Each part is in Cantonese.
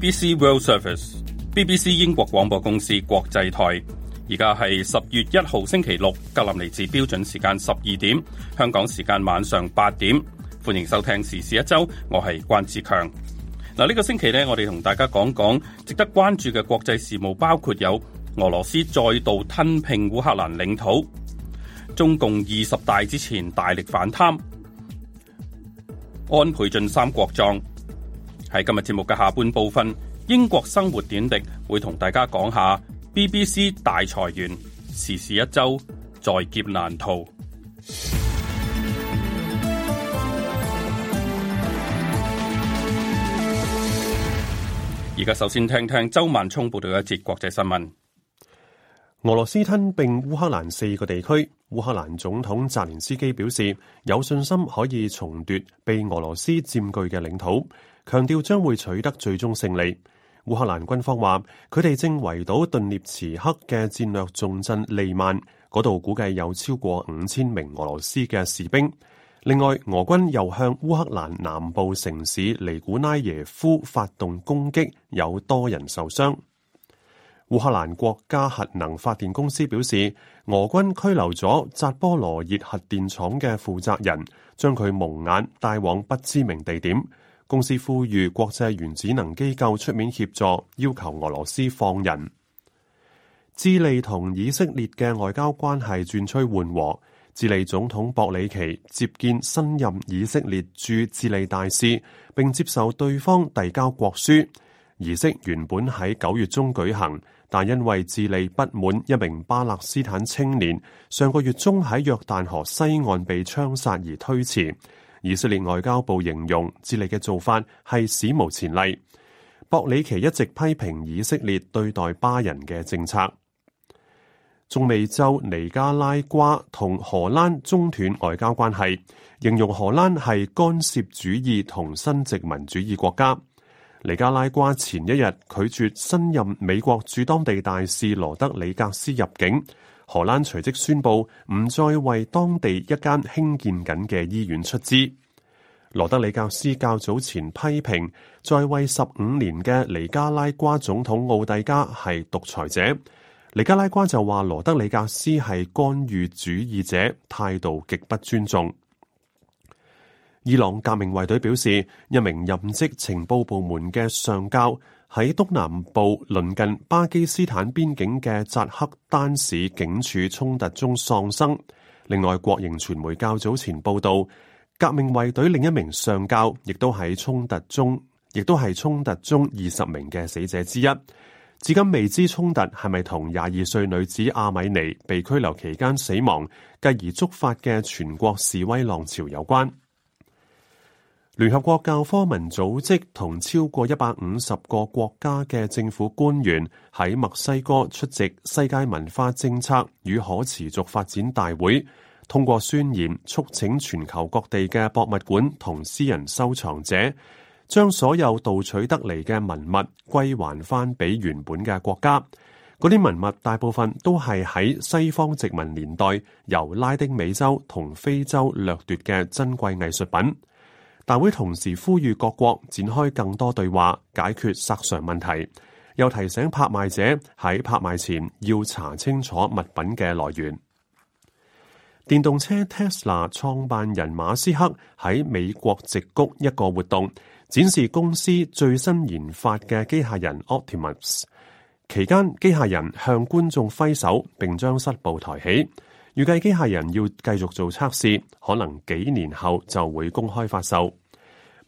BBC World Service，BBC 英國廣播公司國際台，而家係十月一號星期六，格林尼治標準時間十二點，香港時間晚上八點，歡迎收聽時事一周，我係關志強。嗱、啊，呢個星期呢，我哋同大家講講值得關注嘅國際事務，包括有俄羅斯再度吞併烏克蘭領土，中共二十大之前大力反貪，安倍晉三國葬。喺今日節目嘅下半部分，英國生活點滴會同大家講下 BBC 大裁員，時事一周在劫難逃。而家首先聽聽周萬聰報道一節國際新聞：俄羅斯吞併烏克蘭四個地區，烏克蘭總統澤連斯基表示有信心可以重奪被俄羅斯佔據嘅領土。強調將會取得最終勝利。烏克蘭軍方話，佢哋正圍堵頓涅茨克嘅戰略重鎮利曼，嗰度估計有超過五千名俄羅斯嘅士兵。另外，俄軍又向烏克蘭南部城市尼古拉耶夫發動攻擊，有多人受傷。烏克蘭國家核能發電公司表示，俄軍拘留咗扎波羅熱核電廠嘅負責人，將佢蒙眼帶往不知名地點。公司呼籲國際原子能機構出面協助，要求俄羅斯放人。智利同以色列嘅外交關係轉趨緩和。智利總統博里奇接見新任以色列駐智利大使，並接受對方遞交國書。儀式原本喺九月中舉行，但因為智利不滿一名巴勒斯坦青年，上個月中喺約旦河西岸被槍殺而推遲。以色列外交部形容智利嘅做法係史無前例。博里奇一直批評以色列對待巴人嘅政策，仲未就尼加拉瓜同荷蘭中斷外交關係，形容荷蘭係干涉主義同新殖民主義國家。尼加拉瓜前一日拒絕新任美國駐當地大使羅德里格斯入境。荷蘭隨即宣布唔再為當地一間興建緊嘅醫院出資。羅德里格斯較早前批評，在位十五年嘅尼加拉瓜總統奧蒂加係獨裁者。尼加拉瓜就話羅德里格斯係干預主義者，態度極不尊重。伊朗革命衛隊表示，一名任職情報部門嘅上校，喺東南部鄰近巴基斯坦邊境嘅扎克丹市警署衝突中喪生。另外，國營傳媒較早前報道，革命衛隊另一名上校亦都喺衝突中，亦都係衝突中二十名嘅死者之一。至今未知衝突係咪同廿二歲女子阿米尼被拘留期間死亡，繼而觸發嘅全國示威浪潮有關。聯合國教科文組織同超過一百五十個國家嘅政府官員喺墨西哥出席世界文化政策與可持續發展大會，通過宣言，促請全球各地嘅博物館同私人收藏者將所有盜取得嚟嘅文物歸還翻俾原本嘅國家。嗰啲文物大部分都係喺西方殖民年代由拉丁美洲同非洲掠奪嘅珍貴藝術品。大會同時呼籲各國展開更多對話，解決殺傷問題。又提醒拍賣者喺拍賣前要查清楚物品嘅來源。電動車 Tesla 創辦人馬斯克喺美國直谷一個活動，展示公司最新研發嘅機械人 Optimus。期間，機械人向觀眾揮手，並將膝部抬起。預計機械人要繼續做測試，可能幾年後就會公開發售。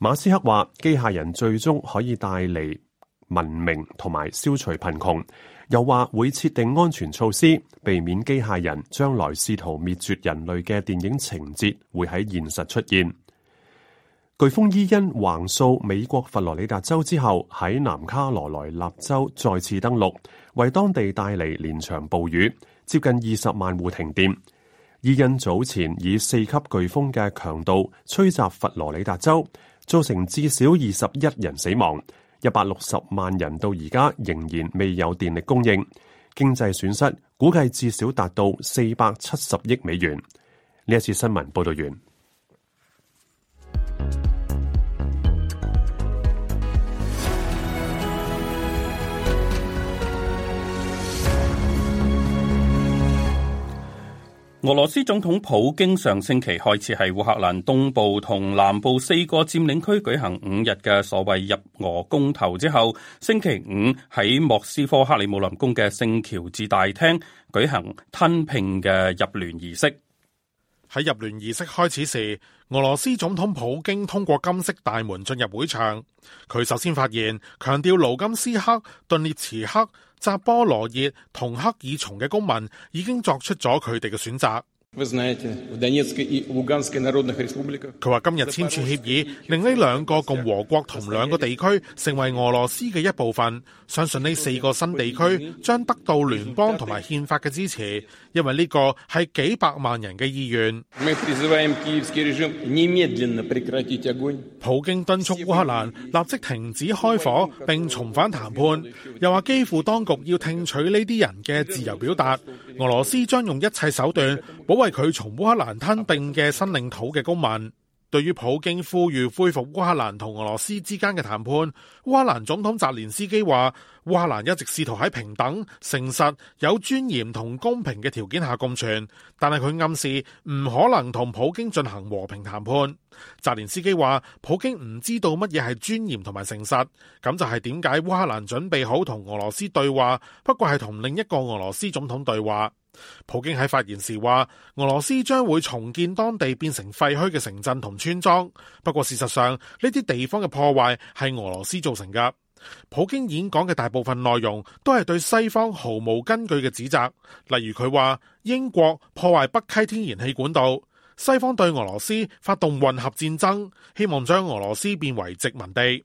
馬斯克話：機械人最終可以帶嚟文明，同埋消除貧窮。又話會設定安全措施，避免機械人將來試圖滅絕人類嘅電影情節會喺現實出現。颶風伊恩橫掃美國佛羅里達州之後，喺南卡羅來納州再次登陸，為當地帶嚟連場暴雨，接近二十萬戶停電。伊恩早前以四級颶風嘅強度吹襲佛羅里達州。造成至少二十一人死亡，一百六十萬人到而家仍然未有電力供應，經濟損失估計至少達到四百七十億美元。呢一次新聞報道完。俄羅斯總統普京上星期開始喺烏克蘭東部同南部四個佔領區舉行五日嘅所謂入俄公投之後，星期五喺莫斯科克里姆林宮嘅聖喬治大廳舉行吞併嘅入聯儀式。喺入聯儀式開始時，俄羅斯總統普京通過金色大門進入會場，佢首先發言，強調盧甘斯克、頓涅茨克、扎波羅熱同克爾松嘅公民已經作出咗佢哋嘅選擇。佢話今日簽署協議，令呢兩個共和國同兩個地區成為俄羅斯嘅一部分。相信呢四個新地區將得到聯邦同埋憲法嘅支持，因為呢個係幾百萬人嘅意願。普京敦促烏克蘭立即停止開火，並重返談判。又話基乎當局要聽取呢啲人嘅自由表達。俄羅斯將用一切手段保。因為佢從烏克蘭吞併嘅新領土嘅公民，對於普京呼籲恢復烏克蘭同俄羅斯之間嘅談判，烏克蘭總統澤連斯基話：烏克蘭一直試圖喺平等、誠實、有尊嚴同公平嘅條件下共存，但係佢暗示唔可能同普京進行和平談判。澤連斯基話：普京唔知道乜嘢係尊嚴同埋誠實，咁就係點解烏克蘭準備好同俄羅斯對話，不過係同另一個俄羅斯總統對話。普京喺發言時話，俄羅斯將會重建當地變成廢墟嘅城鎮同村莊。不過事實上，呢啲地方嘅破壞係俄羅斯造成噶。普京演講嘅大部分內容都係對西方毫無根據嘅指責，例如佢話英國破壞北溪天然氣管道，西方對俄羅斯發動混合戰爭，希望將俄羅斯變為殖民地。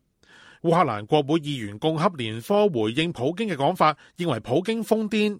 烏克蘭國會議員共和聯科回應普京嘅講法，認為普京瘋癲。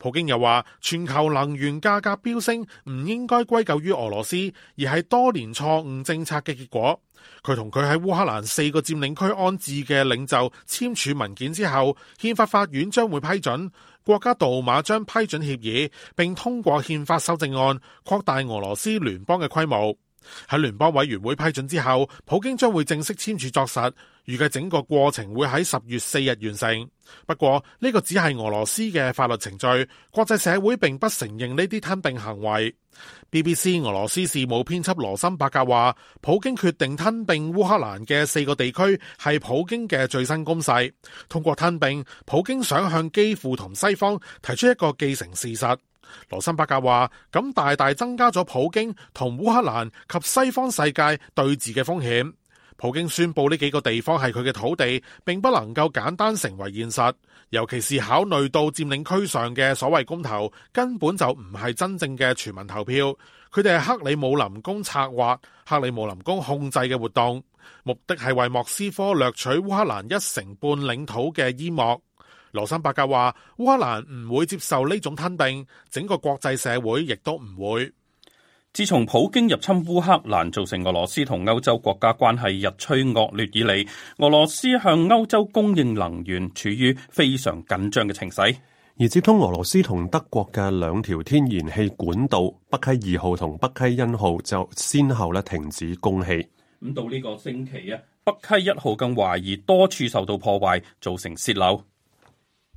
普京又話：全球能源價格飆升唔應該歸咎於俄羅斯，而係多年錯誤政策嘅結果。佢同佢喺烏克蘭四個佔領區安置嘅領袖簽署文件之後，憲法法院將會批准，國家杜馬將批准協議並通過憲法修正案，擴大俄羅斯聯邦嘅規模。喺聯邦委員會批准之後，普京將會正式簽署作實，預計整個過程會喺十月四日完成。不過呢個只係俄羅斯嘅法律程序，國際社會並不承認呢啲吞併行為。BBC 俄羅斯事務編輯羅森伯格話，普京決定吞併烏克蘭嘅四個地區係普京嘅最新攻勢。通過吞併，普京想向基輔同西方提出一個既成事實。羅森伯格話：咁大大增加咗普京同烏克蘭及西方世界對峙嘅風險。普京宣布呢幾個地方係佢嘅土地，並不能夠簡單成為現實。尤其是考慮到佔領區上嘅所謂公投，根本就唔係真正嘅全民投票。佢哋係克里姆林宮策劃、克里姆林宮控制嘅活動，目的係為莫斯科掠取烏克蘭一成半領土嘅煙幕。羅森伯格話：烏克蘭唔會接受呢種吞併，整個國際社會亦都唔會。自從普京入侵烏克蘭，造成俄羅斯同歐洲國家關係日趨惡劣以嚟，俄羅斯向歐洲供應能源處於非常緊張嘅情勢。而接通俄羅斯同德國嘅兩條天然氣管道北溪二號同北溪一號就先後咧停止供氣。咁到呢個星期啊，北溪一號更懷疑多處受到破壞，造成洩漏。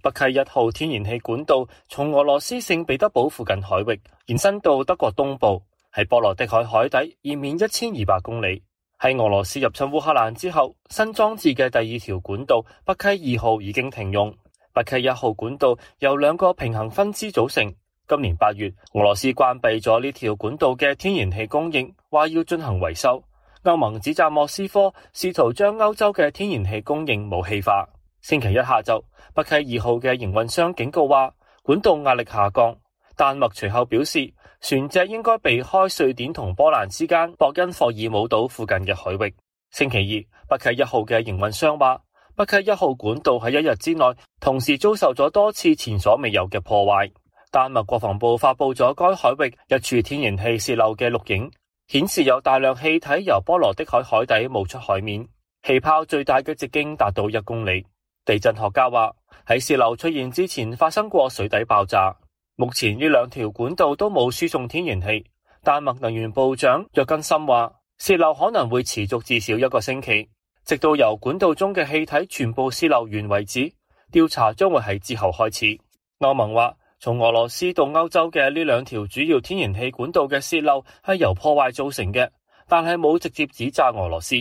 北溪一號天然氣管道從俄羅斯聖彼得堡附近海域延伸到德國東部，喺波羅的海海底延綿一千二百公里。喺俄羅斯入侵烏克蘭之後，新裝置嘅第二條管道北溪二號已經停用。北溪一號管道由兩個平衡分支組成。今年八月，俄羅斯關閉咗呢條管道嘅天然氣供應，話要進行維修。歐盟指責莫斯科試圖將歐洲嘅天然氣供應武器化。星期一下晝，北溪二號嘅營運商警告話，管道壓力下降，丹麥隨後表示，船隻應該避開瑞典同波蘭之間博恩霍爾姆島附近嘅海域。星期二，北溪一號嘅營運商話，北溪一號管道喺一日之內同時遭受咗多次前所未有嘅破壞，丹麥國防部發布咗該海域一處天然氣泄漏嘅錄影，顯示有大量氣體由波羅的海海底冒出海面，氣泡最大嘅直徑達到一公里。地震學家話喺洩漏出現之前發生過水底爆炸。目前呢兩條管道都冇輸送天然氣，丹麥能源部長約根森話洩漏可能會持續至少一個星期，直到由管道中嘅氣體全部洩漏完為止。調查將會喺之後開始。歐盟話從俄羅斯到歐洲嘅呢兩條主要天然氣管道嘅洩漏係由破壞造成嘅，但係冇直接指責俄羅斯。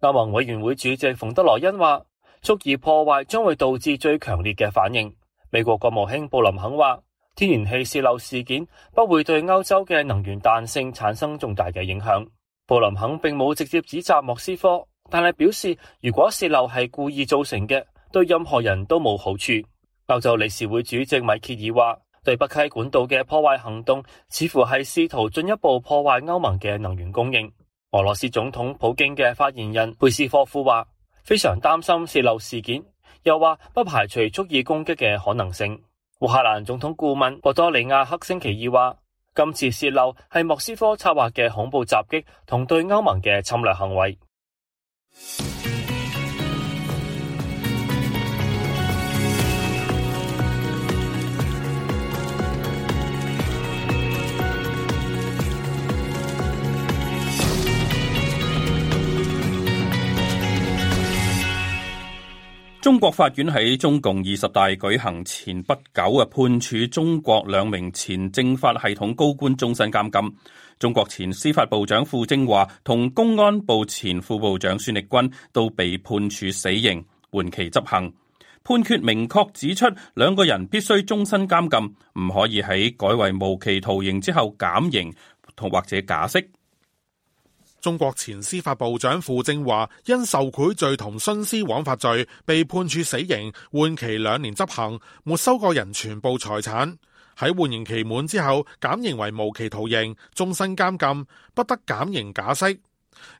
歐盟委員會主席馮德萊恩話。足以破壞，將會導致最強烈嘅反應。美國國務卿布林肯話：天然氣泄漏事件不會對歐洲嘅能源彈性產生重大嘅影響。布林肯並冇直接指責莫斯科，但係表示如果泄漏係故意造成嘅，對任何人都冇好處。歐洲理事會主席米歇爾話：對北溪管道嘅破壞行動似乎係試圖進一步破壞歐盟嘅能源供應。俄羅斯總統普京嘅發言人佩斯科夫話。非常擔心泄漏事件，又話不排除蓄意攻擊嘅可能性。烏克蘭總統顧問博多利亞克星期二話，今次泄漏係莫斯科策劃嘅恐怖襲擊同對歐盟嘅侵略行為。中國法院喺中共二十大舉行前不久啊，判處中國兩名前政法系統高官終身監禁，中國前司法部長傅政華同公安部前副部長孫力軍都被判處死刑緩期執行，判決明確指出兩個人必須終身監禁，唔可以喺改為無期徒刑之後減刑同或者假釋。中國前司法部長傅政華因受賄罪同徇私枉法罪被判處死刑，緩期兩年執行，沒收個人全部財產。喺緩刑期滿之後，減刑為無期徒刑，終身監禁，不得減刑假釋。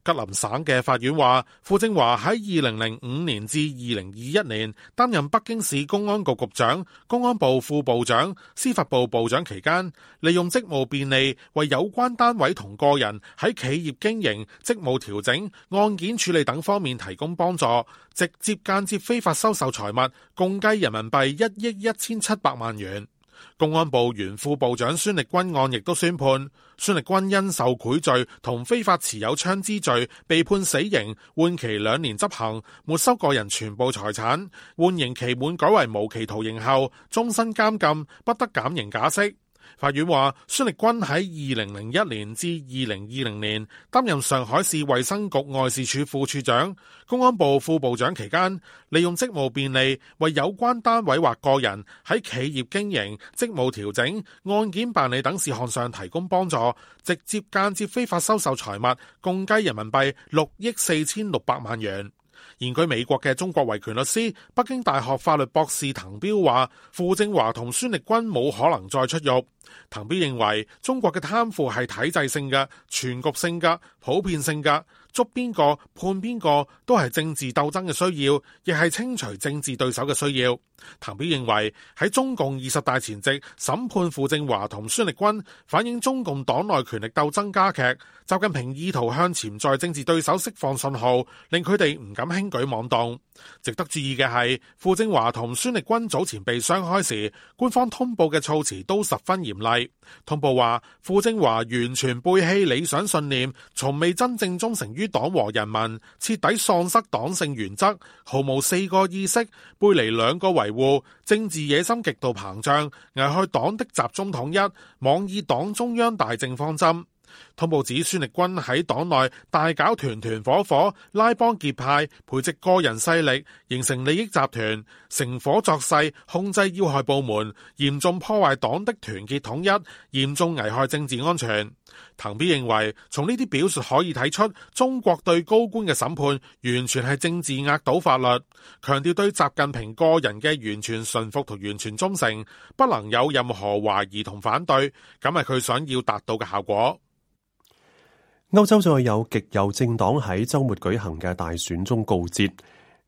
吉林省嘅法院話，傅正華喺二零零五年至二零二一年擔任北京市公安局局長、公安部副部長、司法部部長期間，利用職務便利為有關單位同個人喺企業經營、職務調整、案件處理等方面提供幫助，直接間接非法收受財物，共計人民幣一億一千七百萬元。公安部原副部長孫力軍案亦都宣判，孫力軍因受賄罪同非法持有槍支罪被判死刑，緩期兩年執行，沒收個人全部財產，緩刑期滿改為無期徒刑後，終身監禁，不得減刑假釋。法院話，孫力軍喺二零零一年至二零二零年擔任上海市衛生局外事處副處長、公安部副部長期間，利用職務便利為有關單位或個人喺企業經營、職務調整、案件辦理等事項上提供幫助，直接間接非法收受財物，共計人民幣六億四千六百萬元。現居美國嘅中國維權律師、北京大學法律博士滕彪話：傅政華同孫力軍冇可能再出獄。滕彪認為中國嘅貪腐係體制性嘅、全局性嘅、普遍性嘅。捉邊個判邊個都係政治鬥爭嘅需要，亦係清除政治對手嘅需要。譚彪認為喺中共二十大前夕審判傅政華同孫力軍，反映中共黨內權力鬥爭加劇，習近平意圖向潛在政治對手釋放信號，令佢哋唔敢輕舉妄動。值得注意嘅係，傅政華同孫力軍早前被雙開時，官方通報嘅措辭都十分嚴厲。通報話傅政華完全背棄理想信念，從未真正忠誠於黨和人民，徹底喪失黨性原則，毫無四個意識，背離兩個維護，政治野心極度膨脹，危害黨的集中統一，妄議黨中央大政方針。通報指孫力軍喺黨內大搞團團伙伙、拉幫結派，培植個人勢力，形成利益集團，成伙作勢，控制要害部門，嚴重破壞黨的團結統一，嚴重危害政治安全。滕彪認為，從呢啲表述可以睇出，中國對高官嘅審判完全係政治壓倒法律，強調對習近平個人嘅完全順服同完全忠誠，不能有任何懷疑同反對，咁係佢想要達到嘅效果。歐洲再有極右政黨喺周末舉行嘅大選中告捷。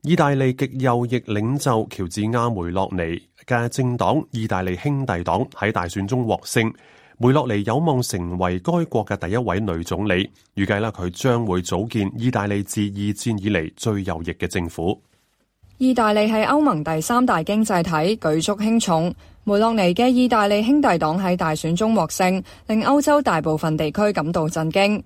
意大利極右翼領袖喬治亞梅洛尼嘅政黨意大利兄弟黨喺大選中獲勝，梅洛尼有望成為該國嘅第一位女總理。預計咧，佢將會組建意大利自二戰以嚟最右翼嘅政府。意大利係歐盟第三大經濟體，舉足輕重。梅洛尼嘅意大利兄弟黨喺大選中獲勝，令歐洲大部分地區感到震驚。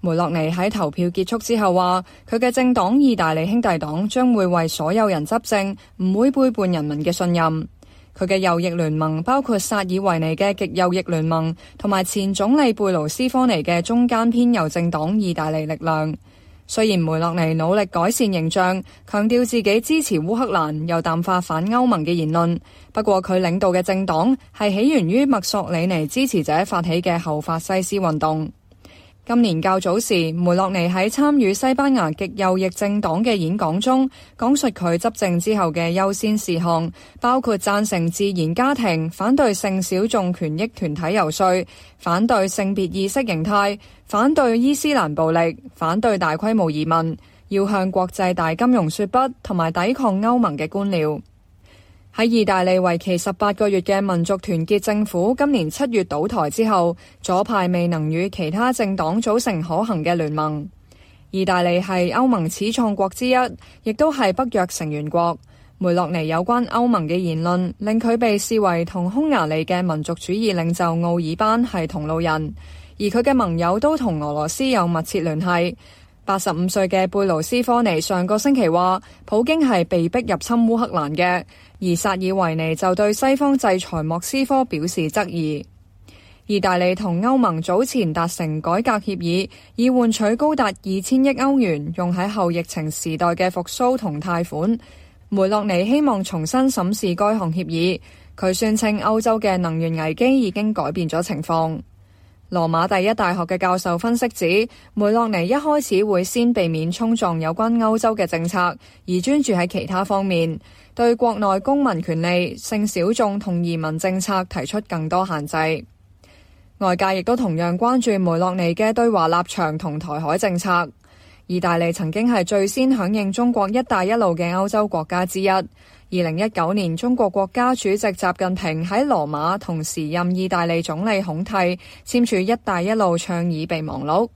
梅洛尼喺投票結束之後話，佢嘅政黨意大利兄弟黨將會為所有人執政，唔會背叛人民嘅信任。佢嘅右翼聯盟包括薩爾維尼嘅極右翼聯盟，同埋前總理貝盧斯科尼嘅中間偏右政黨意大利力量。雖然梅洛尼努力改善形象，強調自己支持烏克蘭，又淡化反歐盟嘅言論，不過佢領導嘅政黨係起源於墨索里尼支持者發起嘅後法西斯運動。今年較早時，梅洛尼喺參與西班牙極右翼政黨嘅演講中，講述佢執政之後嘅優先事項，包括贊成自然家庭、反對性小眾權益團體遊說、反對性別意識形態、反對伊斯蘭暴力、反對大規模移民、要向國際大金融說不，同埋抵抗歐盟嘅官僚。喺意大利為期十八個月嘅民族團結政府今年七月倒台之後，左派未能與其他政黨組成可行嘅聯盟。意大利係歐盟始創國之一，亦都係北約成員國。梅洛尼有關歐盟嘅言論，令佢被視為同匈牙利嘅民族主義領袖奧爾班係同路人，而佢嘅盟友都同俄羅斯有密切聯繫。八十五歲嘅貝盧斯科尼上個星期話，普京係被逼入侵烏克蘭嘅，而薩爾維尼就對西方制裁莫斯科表示質疑。意大利同歐盟早前達成改革協議，以換取高達二千億歐元用喺後疫情時代嘅復甦同貸款。梅洛尼希望重新審視該項協議，佢宣稱歐洲嘅能源危機已經改變咗情況。羅馬第一大學嘅教授分析指，梅洛尼一開始會先避免衝撞有關歐洲嘅政策，而專注喺其他方面，對國內公民權利、性小眾同移民政策提出更多限制。外界亦都同樣關注梅洛尼嘅對華立場同台海政策。意大利曾經係最先響應中國「一帶一路」嘅歐洲國家之一。二零一九年，中國國家主席習近平喺羅馬同時任意大利總理孔蒂簽署“一帶一路”倡議備忘錄。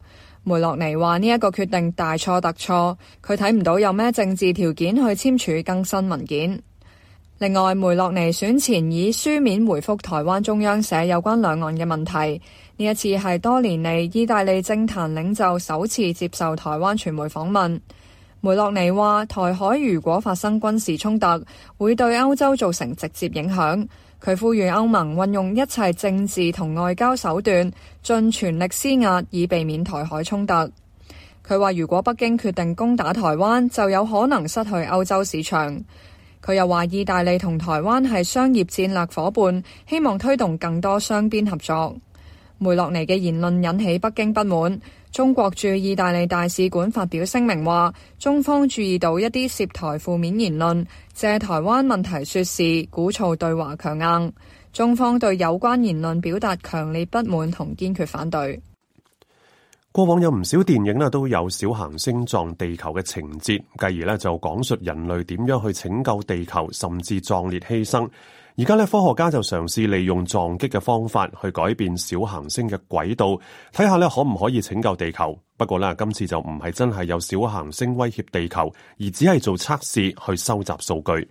梅洛尼話，呢一個決定大錯特錯，佢睇唔到有咩政治條件去簽署更新文件。另外，梅洛尼選前已書面回覆台灣中央社有關兩岸嘅問題，呢一次係多年嚟意大利政壇領袖首次接受台灣傳媒訪問。梅洛尼話：台海如果發生軍事衝突，會對歐洲造成直接影響。佢呼籲歐盟運用一切政治同外交手段，盡全力施壓，以避免台海衝突。佢話：如果北京決定攻打台灣，就有可能失去歐洲市場。佢又話：意大利同台灣係商業戰略伙伴，希望推動更多雙邊合作。梅洛尼嘅言論引起北京不滿，中國駐意大利大使館發表聲明話，中方注意到一啲涉台負面言論，借台灣問題說事，鼓噪對華強硬，中方對有關言論表達強烈不滿同堅決反對。過往有唔少電影呢都有小行星撞地球嘅情節，繼而呢就講述人類點樣去拯救地球，甚至壯烈犧牲。而家咧，科學家就嘗試利用撞擊嘅方法去改變小行星嘅軌道，睇下咧可唔可以拯救地球。不過咧，今次就唔係真係有小行星威脅地球，而只係做測試去收集數據。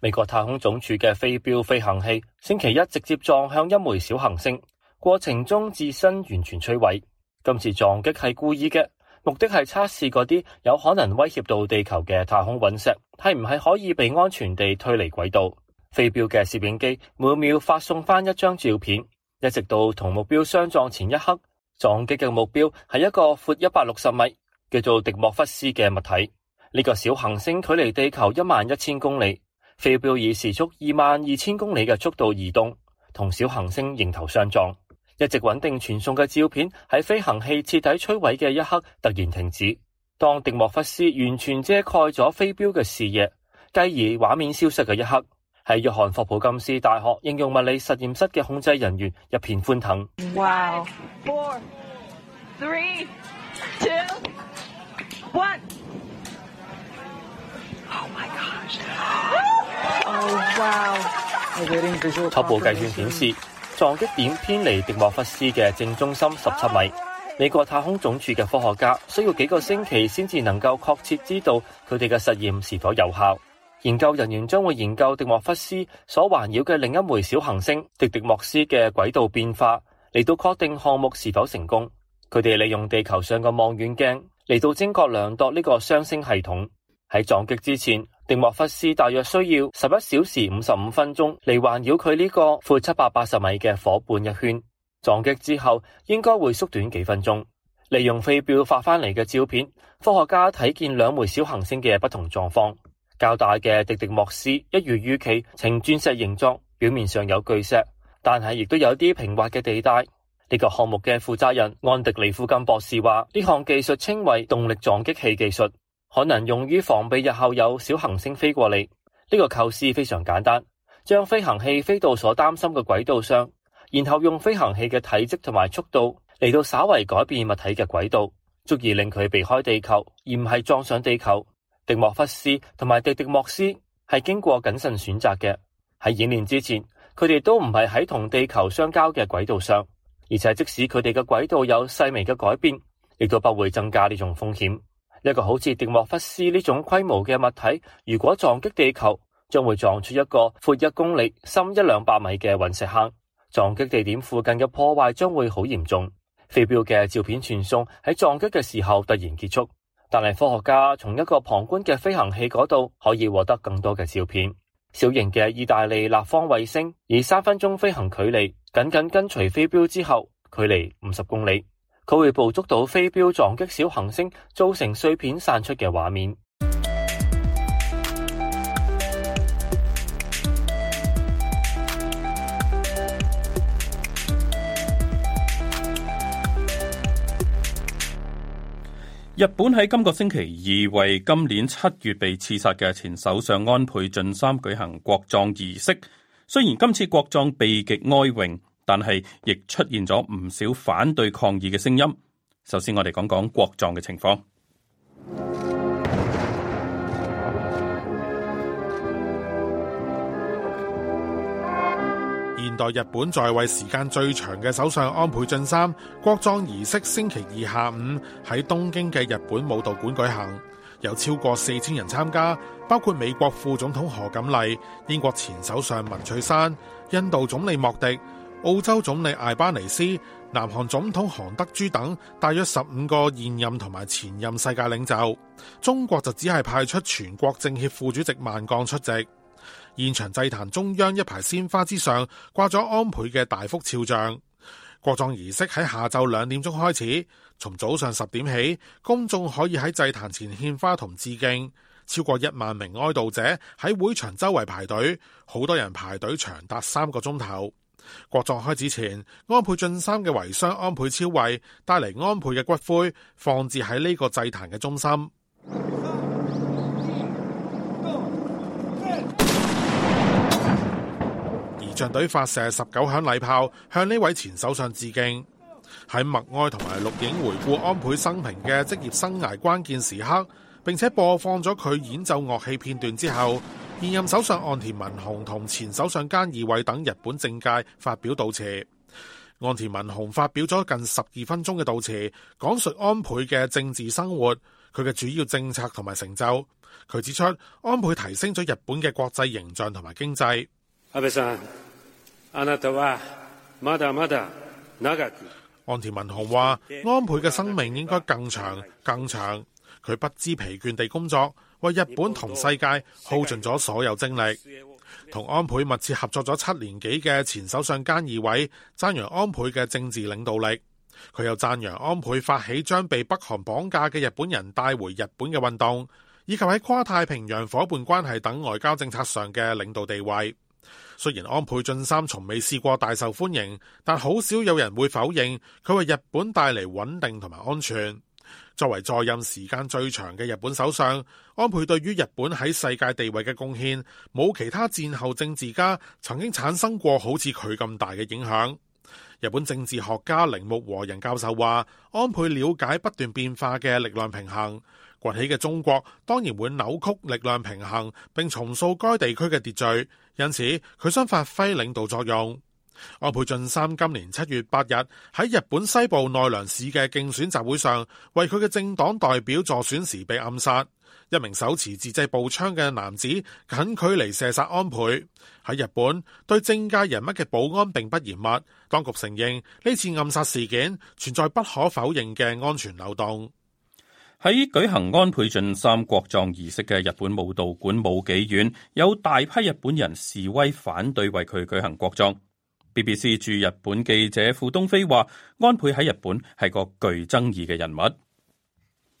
美國太空總署嘅飛鏢飛，飛行器星期一直接撞向一枚小行星，過程中自身完全摧毀。今次撞擊係故意嘅，目的係測試嗰啲有可能威脅到地球嘅太空隕石，係唔係可以被安全地推離軌道。飛鏢嘅攝影機每秒發送翻一張照片，一直到同目標相撞前一刻。撞擊嘅目標係一個闊一百六十米，叫做迪莫弗斯嘅物體。呢個小行星距離地球一萬一千公里，飛鏢以時速二萬二千公里嘅速度移動，同小行星迎頭相撞。一直穩定傳送嘅照片喺飛行器徹底摧毀嘅一刻突然停止。當迪莫弗斯完全遮蓋咗飛鏢嘅視野，繼而畫面消失嘅一刻。喺約翰霍普，普金斯大學應用物理實驗室嘅控制人員一片歡騰。初步計算顯示，撞擊點偏離迪莫弗斯嘅正中心十七米。All right. 美國太空總署嘅科學家需要幾個星期先至能夠確切知道佢哋嘅實驗是否有效。研究人員將會研究迪莫弗斯所環繞嘅另一枚小行星迪迪莫斯嘅軌道變化，嚟到確定項目是否成功。佢哋利用地球上嘅望遠鏡嚟到精確量度呢個雙星系統喺撞擊之前，迪莫弗斯大約需要十一小時五十五分鐘嚟環繞佢呢、這個闊七百八十米嘅夥伴一圈。撞擊之後應該會縮短幾分鐘。利用飛鏢發翻嚟嘅照片，科學家睇見兩枚小行星嘅不同狀況。較大嘅迪迪莫斯一如預期呈鑽石形狀，表面上有巨石，但係亦都有啲平滑嘅地帶。呢個項目嘅負責人安迪尼夫金博士話：呢項技術稱為動力撞擊器技術，可能用於防備日後有小行星飛過嚟。呢個構思非常簡單，將飛行器飛到所擔心嘅軌道上，然後用飛行器嘅體積同埋速度嚟到稍為改變物體嘅軌道，足以令佢避開地球而唔係撞上地球。迪莫佛斯同埋迪迪莫斯係經過謹慎選擇嘅，喺演練之前，佢哋都唔係喺同地球相交嘅軌道上，而且即使佢哋嘅軌道有細微嘅改變，亦都不會增加呢種風險。一個好似迪莫佛斯呢種規模嘅物體，如果撞擊地球，將會撞出一個闊一公里、深一兩百米嘅隕石坑，撞擊地點附近嘅破壞將會好嚴重。飛鏢嘅照片傳送喺撞擊嘅時候突然結束。但係科學家從一個旁觀嘅飛行器嗰度可以獲得更多嘅照片。小型嘅意大利立方衛星以三分鐘飛行距離，緊緊跟隨飛鏢之後，距離五十公里，佢會捕捉到飛鏢撞擊小行星造成碎片散出嘅畫面。日本喺今個星期二為今年七月被刺殺嘅前首相安倍晉三舉行國葬儀式。雖然今次國葬備極哀榮，但係亦出現咗唔少反對抗議嘅聲音。首先我講講，我哋講講國葬嘅情況。代日本在位時間最長嘅首相安倍晉三國葬儀式星期二下午喺東京嘅日本舞蹈館舉行，有超過四千人參加，包括美國副總統何錦麗、英國前首相文翠珊、印度總理莫迪、澳洲總理艾巴尼斯、南韓總統韓德洙等，大約十五個現任同埋前任世界領袖。中國就只係派出全國政協副主席萬鋼出席。現場祭壇中央一排鮮花之上掛咗安倍嘅大幅肖像。國葬儀式喺下晝兩點鐘開始，從早上十點起，公眾可以喺祭壇前獻花同致敬。超過一萬名哀悼者喺會場周圍排隊，好多人排隊長達三個鐘頭。國葬開始前，安倍晉三嘅遺孀安倍昭惠帶嚟安倍嘅骨灰，放置喺呢個祭壇嘅中心。象隊發射十九響禮炮，向呢位前首相致敬。喺默哀同埋錄影回顧安倍生平嘅職業生涯關鍵時刻，並且播放咗佢演奏樂器片段之後，現任首相岸田文雄同前首相菅義偉等日本政界發表悼詞。岸田文雄發表咗近十二分鐘嘅悼詞，講述安倍嘅政治生活，佢嘅主要政策同埋成就。佢指出，安倍提升咗日本嘅國際形象同埋經濟。安倍先生。岸田文雄話：安倍嘅生命應該更長、更長。佢不知疲倦地工作，為日本同世界耗盡咗所有精力。同安倍密切合作咗七年幾嘅前首相菅義偉讚揚安倍嘅政治領導力。佢又讚揚安倍發起將被北韓綁架嘅日本人帶回日本嘅運動，以及喺跨太平洋伙伴關係等外交政策上嘅領導地位。雖然安倍晉三從未試過大受歡迎，但好少有人會否認佢為日本帶嚟穩定同埋安全。作為在任時間最長嘅日本首相，安倍對於日本喺世界地位嘅貢獻，冇其他戰後政治家曾經產生過好似佢咁大嘅影響。日本政治學家鈴木和仁教授話：安倍了解不斷變化嘅力量平衡，崛起嘅中國當然會扭曲力量平衡，並重塑該地區嘅秩序。因此，佢想發揮領導作用。安倍晉三今年七月八日喺日本西部奈良市嘅競選集會上，為佢嘅政黨代表助選時被暗殺，一名手持自製步槍嘅男子近距離射殺安倍。喺日本，對政界人物嘅保安並不嚴密，當局承認，呢次暗殺事件存在不可否認嘅安全漏洞。喺舉行安倍晉三國葬儀式嘅日本武道館冇幾遠，有大批日本人示威反對為佢舉行國葬。BBC 駐日本記者傅東飛話，安倍喺日本係個具爭議嘅人物。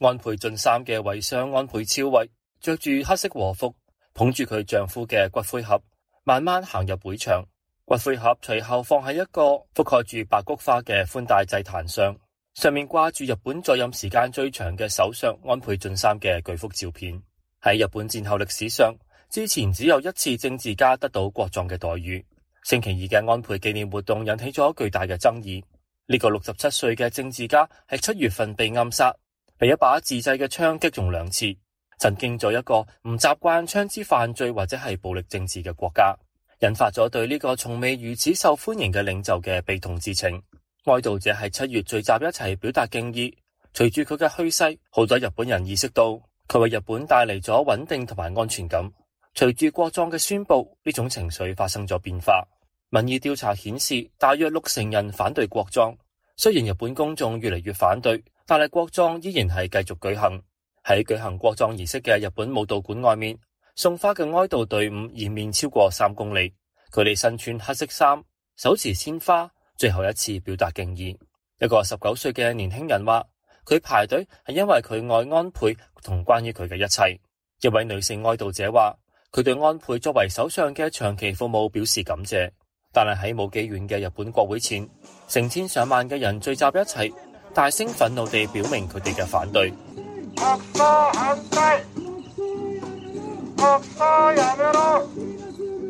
安倍晉三嘅遺孀安倍昭惠，着住黑色和服，捧住佢丈夫嘅骨灰盒，慢慢行入會場。骨灰盒隨後放喺一個覆蓋住白菊花嘅寬大祭壇上。上面掛住日本在任時間最長嘅首相安倍晉三嘅巨幅照片，喺日本戰後歷史上，之前只有一次政治家得到國葬嘅待遇。星期二嘅安倍紀念活動引起咗巨大嘅爭議。呢個六十七歲嘅政治家喺七月份被暗殺，被一把自製嘅槍擊中兩次，震驚咗一個唔習慣槍支犯罪或者係暴力政治嘅國家，引發咗對呢個從未如此受歡迎嘅領袖嘅悲痛之情。哀悼者係七月聚集一齊表達敬意。隨住佢嘅去世，好多日本人意識到佢為日本帶嚟咗穩定同埋安全感。隨住國葬嘅宣布，呢種情緒發生咗變化。民意調查顯示，大約六成人反對國葬。雖然日本公眾越嚟越反對，但係國葬依然係繼續舉行。喺舉行國葬儀式嘅日本武道館外面，送花嘅哀悼隊伍延綿超過三公里。佢哋身穿黑色衫，手持鮮花。最後一次表達敬意，一個十九歲嘅年輕人話：佢排隊係因為佢愛安倍同關於佢嘅一切。一位女性哀悼者話：佢對安倍作為首相嘅長期服務表示感謝。但係喺冇幾遠嘅日本國會前，成千上萬嘅人聚集一齊，大聲憤怒地表明佢哋嘅反對。 安倍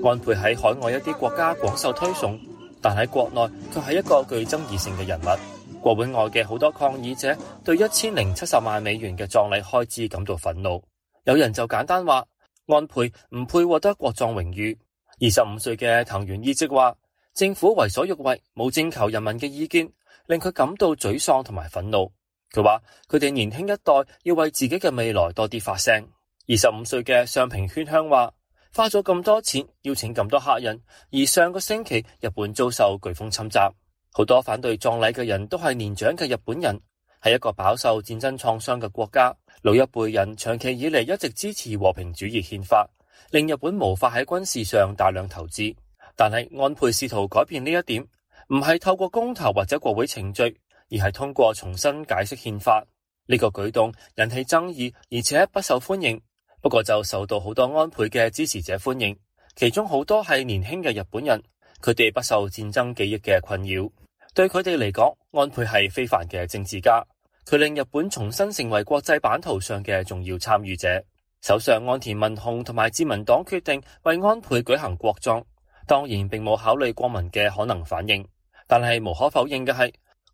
安倍喺海外一啲國家廣受推崇。但喺國內卻係一個具爭議性嘅人物。國會外嘅好多抗議者對一千零七十萬美元嘅葬禮開支感到憤怒，有人就簡單話：安倍唔配獲得國葬榮譽。二十五歲嘅藤原依直話：政府為所欲為，冇徵求人民嘅意見，令佢感到沮喪同埋憤怒。佢話：佢哋年輕一代要為自己嘅未來多啲發聲。二十五歲嘅上平圈香話。花咗咁多錢邀請咁多客人，而上個星期日本遭受颶風侵襲，好多反對葬禮嘅人都係年長嘅日本人，係一個飽受戰爭創傷嘅國家，老一輩人長期以嚟一直支持和平主義憲法，令日本無法喺軍事上大量投資。但係安倍試圖改變呢一點，唔係透過公投或者國會程序，而係通過重新解釋憲法。呢個舉動引起爭議，而且不受歡迎。不過就受到好多安倍嘅支持者歡迎，其中好多係年輕嘅日本人，佢哋不受戰爭記憶嘅困擾，對佢哋嚟講，安倍係非凡嘅政治家，佢令日本重新成為國際版圖上嘅重要參與者。首相岸田文雄同埋自民黨決定為安倍舉行國葬，當然並冇考慮國民嘅可能反應，但係無可否認嘅係，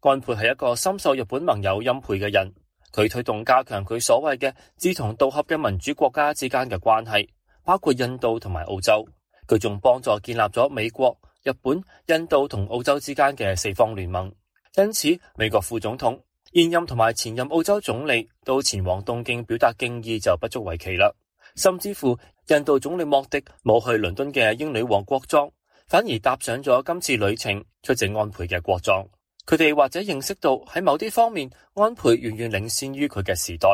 安倍係一個深受日本盟友欽佩嘅人。佢推動加強佢所謂嘅志同道合嘅民主國家之間嘅關係，包括印度同埋澳洲。佢仲幫助建立咗美國、日本、印度同澳洲之間嘅四方聯盟。因此，美國副總統現任同埋前任澳洲總理都前往東京表達敬意就不足為奇啦。甚至乎，印度總理莫迪冇去倫敦嘅英女王國葬，反而踏上咗今次旅程出席安倍嘅國葬。佢哋或者認識到喺某啲方面，安倍遠遠領先於佢嘅時代。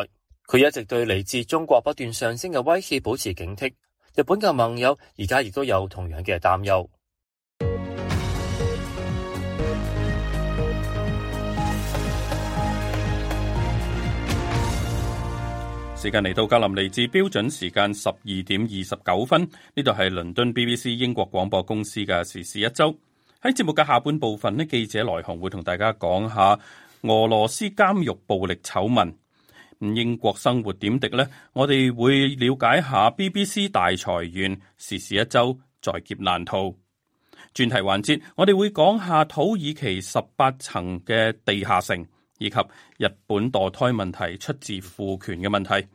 佢一直對嚟自中國不斷上升嘅威脅保持警惕。日本嘅盟友而家亦都有同樣嘅擔憂。時間嚟到格林尼治標準時間十二點二十九分，呢度係倫敦 BBC 英國廣播公司嘅時事一周。喺節目嘅下半部分咧，記者來鴻會同大家講下俄羅斯監獄暴力醜聞，英國生活點滴呢，我哋會了解下 BBC 大裁員，時事一周在劫難逃。專題環節，我哋會講下土耳其十八層嘅地下城，以及日本墮胎問題出自父權嘅問題。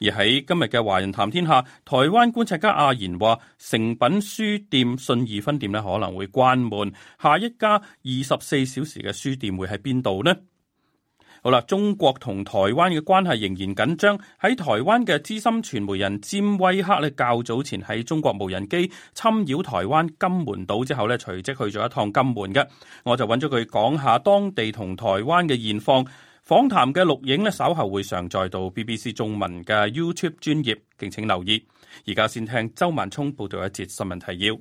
而喺今日嘅《華人談天下》，台灣觀察家阿賢話，誠品書店信義分店咧，可能會關門。下一家二十四小時嘅書店會喺邊度呢？好啦，中國同台灣嘅關係仍然緊張。喺台灣嘅資深傳媒人詹威克咧，較早前喺中國無人機侵擾台灣金門島之後咧，隨即去咗一趟金門嘅，我就揾咗佢講下當地同台灣嘅現況。訪談嘅錄影呢，稍後會上載到 BBC 中文嘅 YouTube 專頁，敬請留意。而家先聽周萬聰報道一節新聞提要。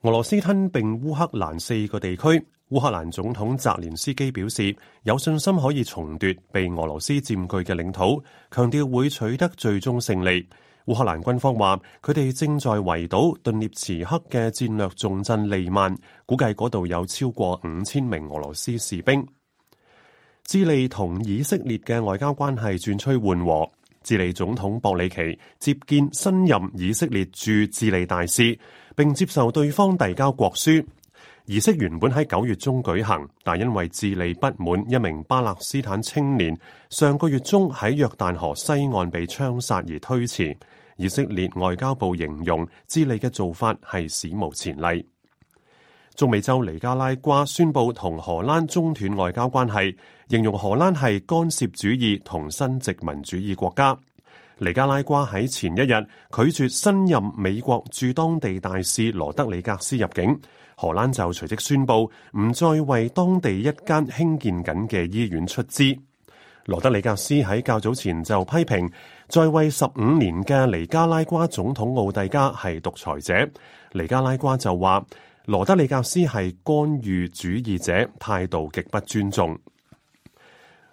俄羅斯吞併烏克蘭四個地區，烏克蘭總統澤連斯基表示有信心可以重奪被俄羅斯占據嘅領土，強調會取得最終勝利。烏克蘭軍方話佢哋正在圍堵頓涅茨克嘅戰略重鎮利曼，估計嗰度有超過五千名俄羅斯士，士兵。智利同以色列嘅外交關係轉趨緩和，智利總統博里奇接見新任以色列駐智利大使，並接受對方遞交國書。儀式原本喺九月中舉行，但因為智利不滿一名巴勒斯坦青年上個月中喺約旦河西岸被槍殺而推遲。以色列外交部形容智利嘅做法係史無前例。中美洲尼加拉瓜宣布同荷蘭中斷外交關係，形容荷蘭係干涉主義同新殖民主義國家。尼加拉瓜喺前一日拒絕新任美國駐當地大使羅德里格斯入境，荷蘭就隨即宣布唔再為當地一間興建緊嘅醫院出資。羅德里格斯喺較早前就批評，在位十五年嘅尼加拉瓜總統奧蒂加係獨裁者。尼加拉瓜就話。羅德里教師係干預主義者，態度極不尊重。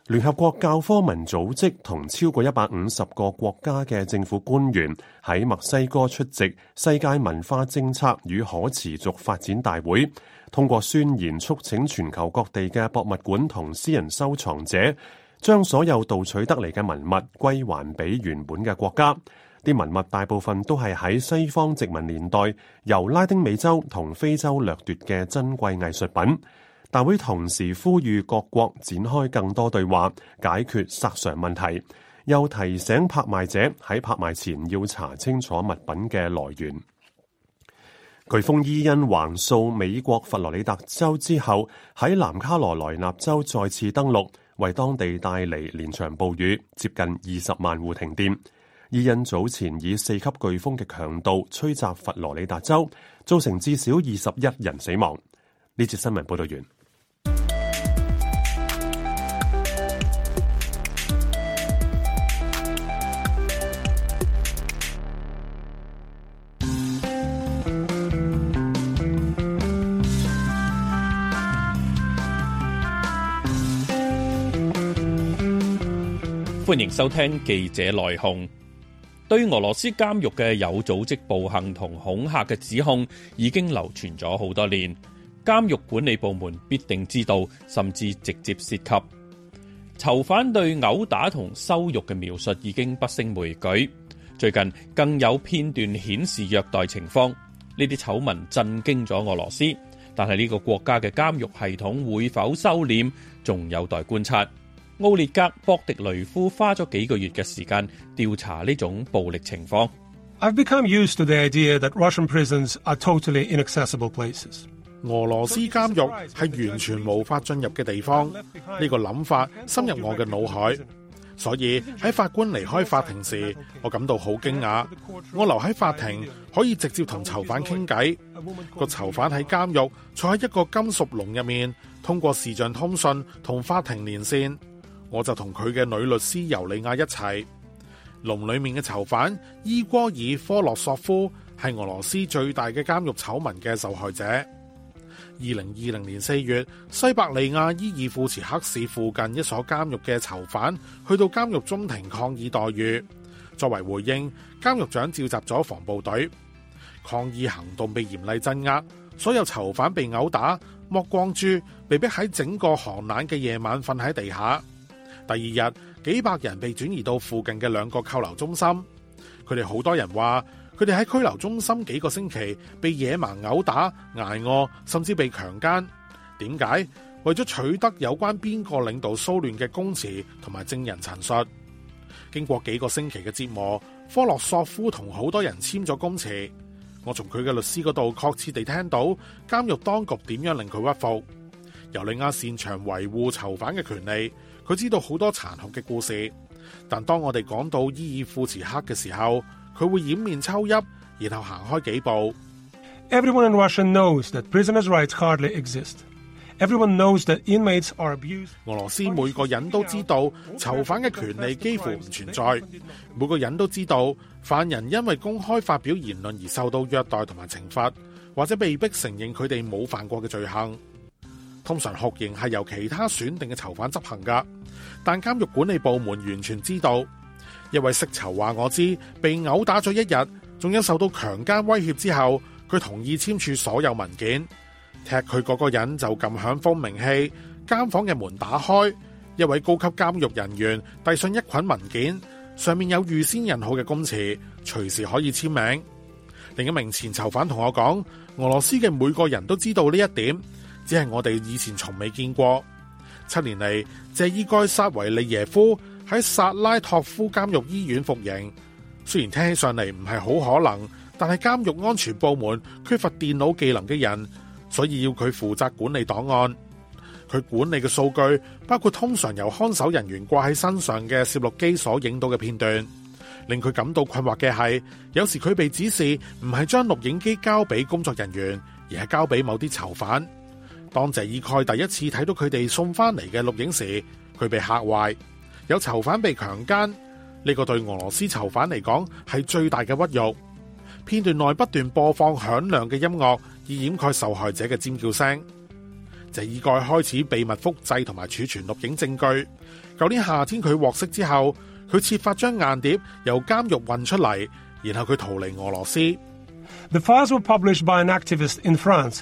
聯合國教科文組織同超過一百五十個國家嘅政府官員喺墨西哥出席世界文化政策與可持續發展大會，通過宣言促請全球各地嘅博物館同私人收藏者，將所有盜取得嚟嘅文物歸還俾原本嘅國家。啲文物大部分都係喺西方殖民年代由拉丁美洲同非洲掠奪嘅珍貴藝術品。大會同時呼籲各國展開更多對話，解決索償問題，又提醒拍賣者喺拍賣前要查清楚物品嘅來源。颶風伊恩橫掃美國佛羅里達州之後，喺南卡羅來納州再次登陸，為當地帶嚟連場暴雨，接近二十萬戶停電。伊恩早前以四級颶風嘅強度吹襲佛羅里達州，造成至少二十一人死亡。呢節新聞報道完。歡迎收聽記者來鴻。對於俄羅斯監獄嘅有組織暴行同恐嚇嘅指控，已經流傳咗好多年。監獄管理部門必定知道，甚至直接涉及。囚犯對毆打同羞辱嘅描述已經不勝枚舉。最近更有片段顯示虐待情況，呢啲醜聞震驚咗俄羅斯。但係呢個國家嘅監獄系統會否收斂，仲有待觀察。奧列格·博迪雷夫花咗幾個月嘅時間調查呢種暴力情況。I've become used to the idea that Russian prisons are totally inaccessible places. 俄羅斯監獄係完全無法進入嘅地方，呢個諗法深入我嘅腦海。所以喺法官離開法庭時，我感到好驚訝。我留喺法庭可以直接同囚犯傾偈。個囚犯喺監獄坐喺一個金屬籠入面，通過視像通訊同法庭連線。我就同佢嘅女律師尤里亞一齊。籠裏面嘅囚犯伊戈爾科洛索夫係俄羅斯最大嘅監獄醜聞嘅受害者。二零二零年四月，西伯利亞伊爾庫茨克市附近一所監獄嘅囚犯去到監獄中庭抗議待遇。作為回應，監獄長召集咗防暴隊，抗議行動被嚴厲鎮壓，所有囚犯被毆打、剝光豬，被迫喺整個寒冷嘅夜晚瞓喺地下。第二日，幾百人被轉移到附近嘅兩個扣留中心。佢哋好多人話，佢哋喺拘留中心幾個星期，被野蠻毆打、挨餓，甚至被強姦。點解？為咗取得有關邊個領導騷亂嘅供詞同埋證人陳述。經過幾個星期嘅折磨，科洛索夫同好多人簽咗供詞。我從佢嘅律師嗰度確切地聽到監獄當局點樣令佢屈服。尤利亞擅長維護囚犯嘅權利。佢知道好多殘酷嘅故事，但當我哋講到伊爾庫茨克嘅時候，佢會掩面抽泣，然後行開幾步。Everyone in Russia knows that prisoners' rights hardly exist. Everyone knows that inmates are abused. 俄羅斯每個人都知道囚犯嘅權利幾乎唔存在，每個人都知道犯人因為公開發表言論而受到虐待同埋懲罰，或者被逼承認佢哋冇犯過嘅罪行。通常酷刑係由其他選定嘅囚犯執行噶，但監獄管理部門完全知道。一位釋囚話我知，被毆打咗一日，仲因受到強姦威脅之後，佢同意簽署所有文件。踢佢嗰個人就撳響蜂鳴器，監房嘅門打開，一位高級監獄人員遞上一捆文件，上面有預先印好嘅供詞，隨時可以簽名。另一名前囚犯同我講，俄羅斯嘅每個人都知道呢一點。只係我哋以前從未見過。七年嚟，謝伊蓋薩維利耶夫喺薩拉托夫監獄醫院服刑，雖然聽起上嚟唔係好可能，但係監獄安全部門缺乏電腦技能嘅人，所以要佢負責管理檔案。佢管理嘅數據包括通常由看守人員掛喺身上嘅攝錄機所影到嘅片段。令佢感到困惑嘅係，有時佢被指示唔係將錄影機交俾工作人員，而係交俾某啲囚犯。當謝爾蓋第一次睇到佢哋送翻嚟嘅錄影時，佢被嚇壞。有囚犯被強姦，呢個對俄羅斯囚犯嚟講係最大嘅屈辱。片段內不斷播放響亮嘅音樂，以掩蓋受害者嘅尖叫聲。謝爾蓋開始秘密複製同埋儲存錄影證據。舊年夏天佢獲釋之後，佢設法將硬碟由監獄運出嚟，然後佢逃離俄羅斯。The files were published by an activist in France.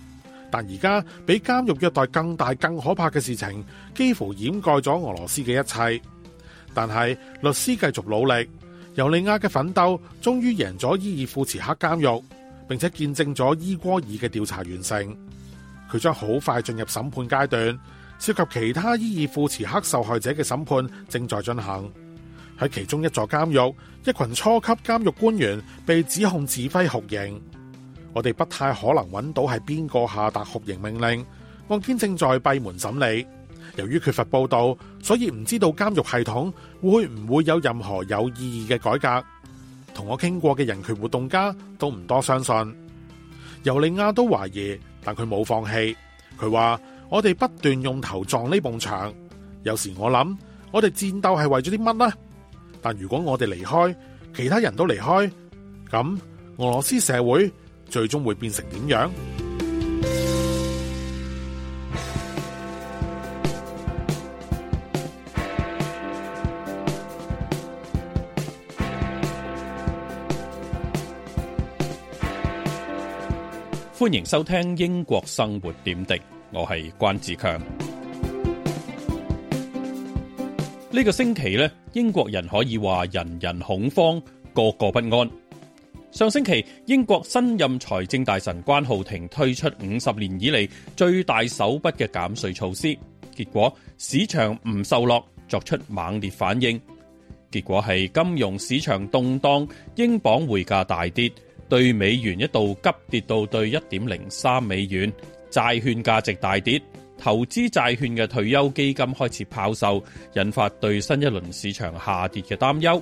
但而家比監獄虐待更大、更可怕嘅事情，幾乎掩蓋咗俄羅斯嘅一切。但係律師繼續努力，尤利亞嘅奮鬥終於贏咗伊爾庫茨克監獄，並且見證咗伊戈爾嘅調查完成。佢將好快進入審判階段，涉及其他伊爾庫茨克受害者嘅審判正在進行。喺其中一座監獄，一群初級監獄官員被指控指揮酷刑。我哋不太可能揾到係邊個下達酷刑命令。案件正在閉門審理，由於缺乏報道，所以唔知道監獄系統會唔會有任何有意義嘅改革。同我傾過嘅人權活動家都唔多相信。尤利婭都懷疑，但佢冇放棄。佢話：我哋不斷用頭撞呢埲牆。有時我諗，我哋戰鬥係為咗啲乜呢？但如果我哋離開，其他人都離開，咁俄羅斯社會？最終會變成點樣？歡迎收聽《英國生活點滴》，我係關志強。呢個星期呢，英國人可以話人人恐慌，個個不安。上星期，英國新任財政大臣關浩庭推出五十年以嚟最大手筆嘅減稅措施，結果市場唔受落，作出猛烈反應。結果係金融市場動盪，英鎊匯價大跌，對美元一度急跌到對一點零三美元，債券價值大跌，投資債券嘅退休基金開始拋售，引發對新一輪市場下跌嘅擔憂。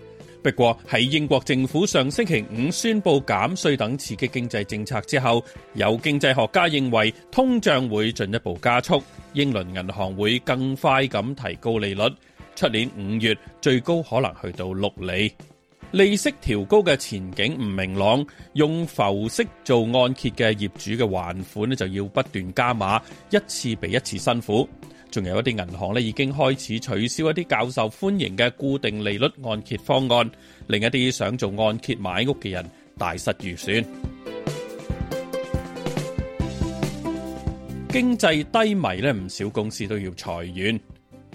不過，喺英國政府上星期五宣布減稅等刺激經濟政策之後，有經濟學家認為通脹會進一步加速，英倫銀行會更快咁提高利率，出年五月最高可能去到六厘。利息調高嘅前景唔明朗，用浮息做按揭嘅業主嘅還款呢就要不斷加碼，一次比一次辛苦。仲有一啲銀行咧，已經開始取消一啲較受歡迎嘅固定利率按揭方案，令一啲想做按揭買屋嘅人大失預算。 經濟低迷咧，唔少公司都要裁員。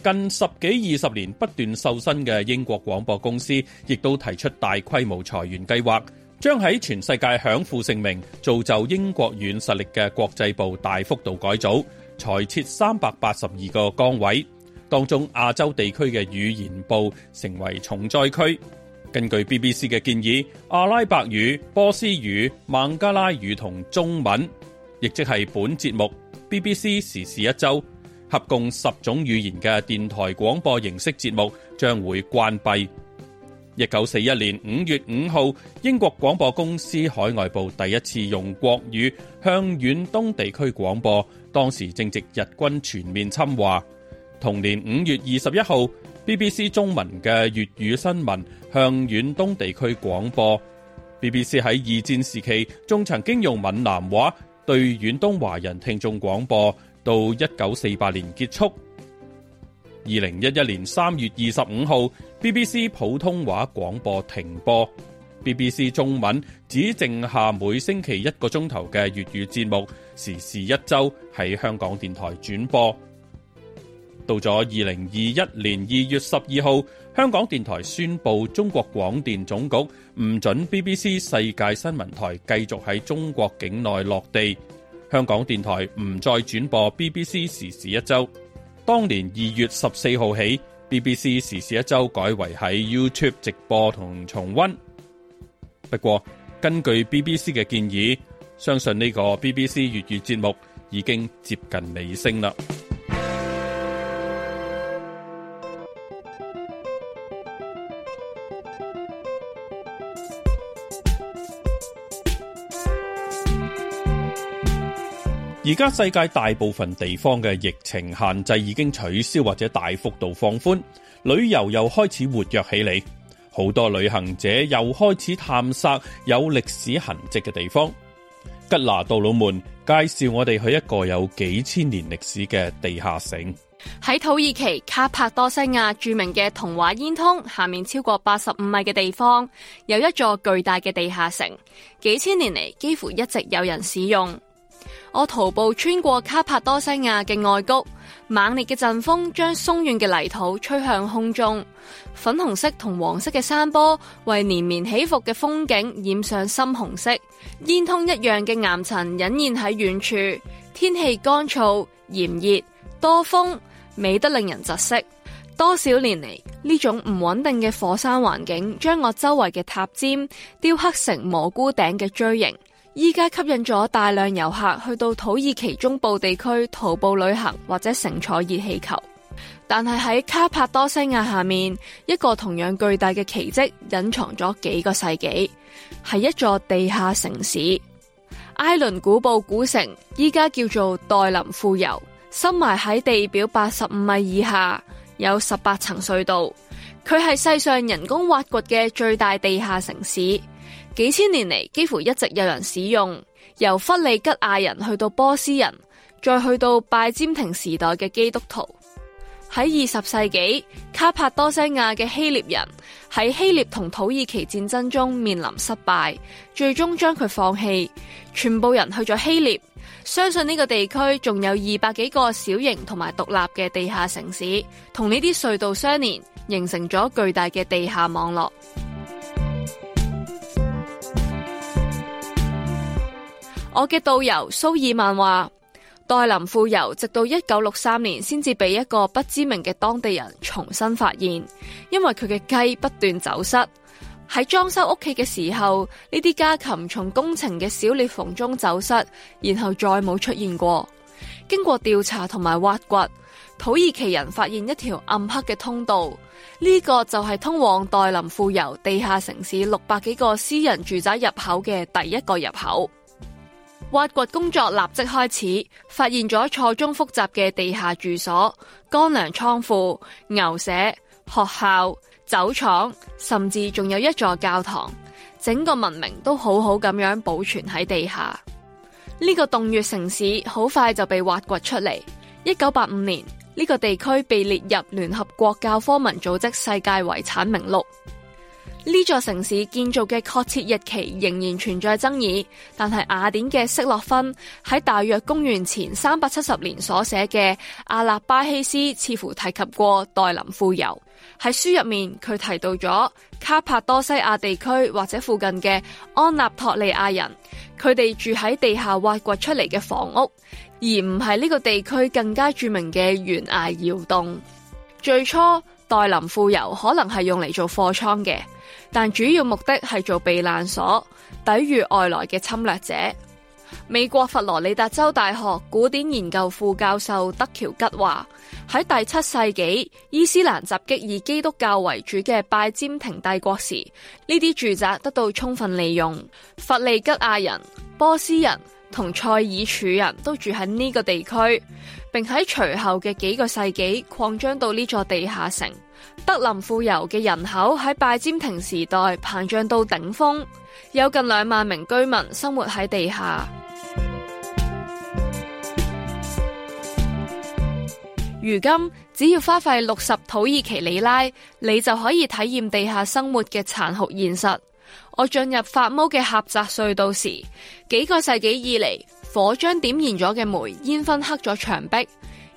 近十幾二十年不斷瘦身嘅英國廣播公司，亦都提出大規模裁員計劃，將喺全世界享負盛名、造就英國軟實力嘅國際部大幅度改組。裁撤三百八十二個崗位，當中亞洲地區嘅語言部成為重災區。根據 BBC 嘅建議，阿拉伯語、波斯語、孟加拉語同中文，亦即係本節目 BBC 時事一周，合共十種語言嘅電台廣播形式節目將會關閉。一九四一年五月五號，英國廣播公司海外部第一次用國語向遠東地區廣播。當時正值日軍全面侵華。同年五月二十一號，BBC 中文嘅粵語新聞向遠東地區廣播。BBC 喺二戰時期仲曾經用閩南話對遠東華人聽眾廣播，到一九四八年結束。二零一一年三月二十五號，BBC 普通話廣播停播，BBC 中文只剩下每星期一個鐘頭嘅粵語節目，時事一周喺香港電台轉播。到咗二零二一年二月十二號，香港電台宣布中國廣電總局唔准 BBC 世界新聞台繼續喺中國境內落地，香港電台唔再轉播 BBC 時事一周。當年二月十四號起，BBC 時事一周改為喺 YouTube 直播同重溫。不過，根據 BBC 嘅建議，相信呢個 BBC 粵語節目已經接近尾聲啦。而家世界大部分地方嘅疫情限制已經取消或者大幅度放寬，旅遊又開始活躍起嚟，好多旅行者又開始探索有歷史痕迹嘅地方。吉拿杜魯門介紹我哋去一個有幾千年歷史嘅地下城，喺土耳其卡帕多西亞著名嘅童話煙囪下面，超過八十五米嘅地方有一座巨大嘅地下城，幾千年嚟幾乎一直有人使用。我徒步穿過卡帕多西亞嘅外谷，猛烈嘅陣風將鬆軟嘅泥土吹向空中。粉紅色同黃色嘅山坡為連綿起伏嘅風景染上深紅色，煙通一樣嘅岩塵隱現喺遠處。天氣乾燥、炎熱、多風，美得令人窒息。多少年嚟，呢種唔穩定嘅火山環境將我周圍嘅塔尖雕刻成蘑菇頂嘅錐形。依家吸引咗大量遊客去到土耳其中部地區徒步旅行或者乘坐熱氣球，但係喺卡帕多西亞下面一個同樣巨大嘅奇跡隱藏咗幾個世紀，係一座地下城市——埃倫古堡古城，依家叫做代林富游，深埋喺地表八十五米以下，有十八層隧道，佢係世上人工挖掘嘅最大地下城市。幾千年嚟，幾乎一直有人使用，由弗利吉亞人去到波斯人，再去到拜占庭時代嘅基督徒。喺二十世紀，卡帕多西亞嘅希臘人喺希臘同土耳其戰爭中面臨失敗，最終將佢放棄，全部人去咗希臘。相信呢個地區仲有二百幾個小型同埋獨立嘅地下城市，同呢啲隧道相連，形成咗巨大嘅地下網絡。我嘅導遊蘇爾曼話：代林富游直到一九六三年先至被一個不知名嘅當地人重新發現，因為佢嘅雞不斷走失。喺裝修屋企嘅時候，呢啲家禽從工程嘅小裂縫中走失，然後再冇出現過。經過調查同埋挖掘，土耳其人發現一條暗黑嘅通道，呢個就係通往代林富游地下城市六百幾個私人住宅入口嘅第一個入口。挖掘工作立即開始，發現咗錯綜複雜嘅地下住所、乾糧倉庫、牛舍、學校、酒廠，甚至仲有一座教堂。整個文明都好好咁樣保存喺地下。呢個洞穴城市好快就被挖掘出嚟。一九八五年，呢個地區被列入聯合國教科文組織世界遺產名錄。呢座城市建造嘅確切日期仍然存在爭議，但係雅典嘅色洛芬喺大約公元前三百七十年所寫嘅《阿納巴希斯》似乎提及過代林富游。喺書入面，佢提到咗卡帕多西亞地區或者附近嘅安納托利亞人，佢哋住喺地下挖掘出嚟嘅房屋，而唔係呢個地區更加著名嘅懸崖窑洞。最初。代林富油可能係用嚟做貨倉嘅，但主要目的係做避難所，抵御外來嘅侵略者。美國佛羅里達州大學古典研究副教授德喬吉話：喺第七世紀伊斯蘭襲擊以基督教為主嘅拜占庭帝國時，呢啲住宅得到充分利用。弗利吉亞人、波斯人。同塞爾柱人都住喺呢個地區，並喺隨後嘅幾個世紀擴張到呢座地下城。德林富遊嘅人口喺拜占庭時代膨脹到頂峰，有近兩萬名居民生活喺地下。如今只要花費六十土耳其里拉，你就可以體驗地下生活嘅殘酷現實。我進入發毛嘅狹窄隧道時，幾個世紀以嚟火將點燃咗嘅煤煙熏黑咗牆壁，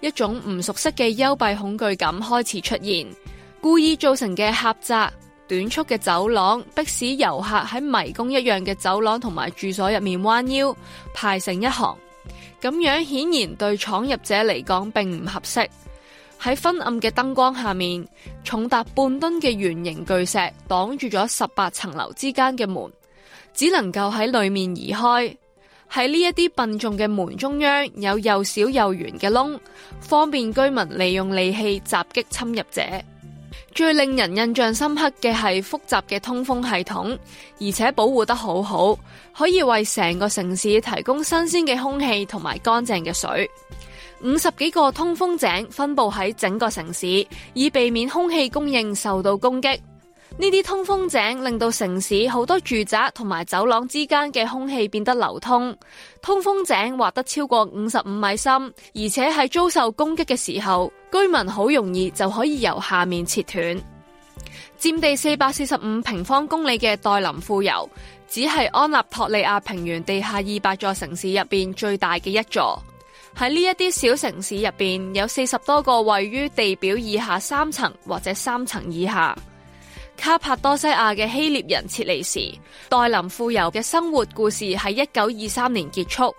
一種唔熟悉嘅幽閉恐懼感開始出現。故意造成嘅狹窄，短促嘅走廊，迫使遊客喺迷宮一樣嘅走廊同埋住所入面彎腰排成一行，咁樣顯然對闖入者嚟講並唔合適。喺昏暗嘅燈光下面，重達半噸嘅圓形巨石擋住咗十八層樓之間嘅門，只能夠喺裏面移開。喺呢一啲笨重嘅門中央，有又小又圓嘅窿，方便居民利用利器襲擊侵入者。最令人印象深刻嘅係複雜嘅通風系統，而且保護得好好，可以為成個城市提供新鮮嘅空氣同埋乾淨嘅水。五十幾個通風井分布喺整個城市，以避免空氣供應受到攻擊。呢啲通風井令到城市好多住宅同埋走廊之間嘅空氣變得流通。通風井挖得超過五十五米深，而且喺遭受攻擊嘅時候，居民好容易就可以由下面切斷。佔地四百四十五平方公里嘅代林富尤，只係安納托利亞平原地下二百座城市入邊最大嘅一座。喺呢一啲小城市入邊，有四十多個位於地表以下三層或者三層以下。卡帕多西亞嘅希臘人撤離時，代林富游嘅生活故事喺一九二三年結束。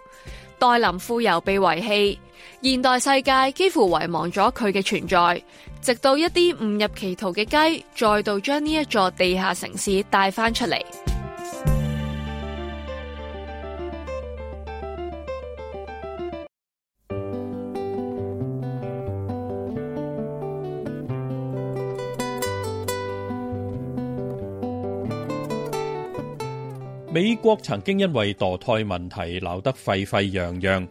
代林富游被遺棄，現代世界幾乎遺忘咗佢嘅存在，直到一啲誤入歧途嘅雞再度將呢一座地下城市帶翻出嚟。美國曾經因為墮胎問題鬧得沸沸揚揚，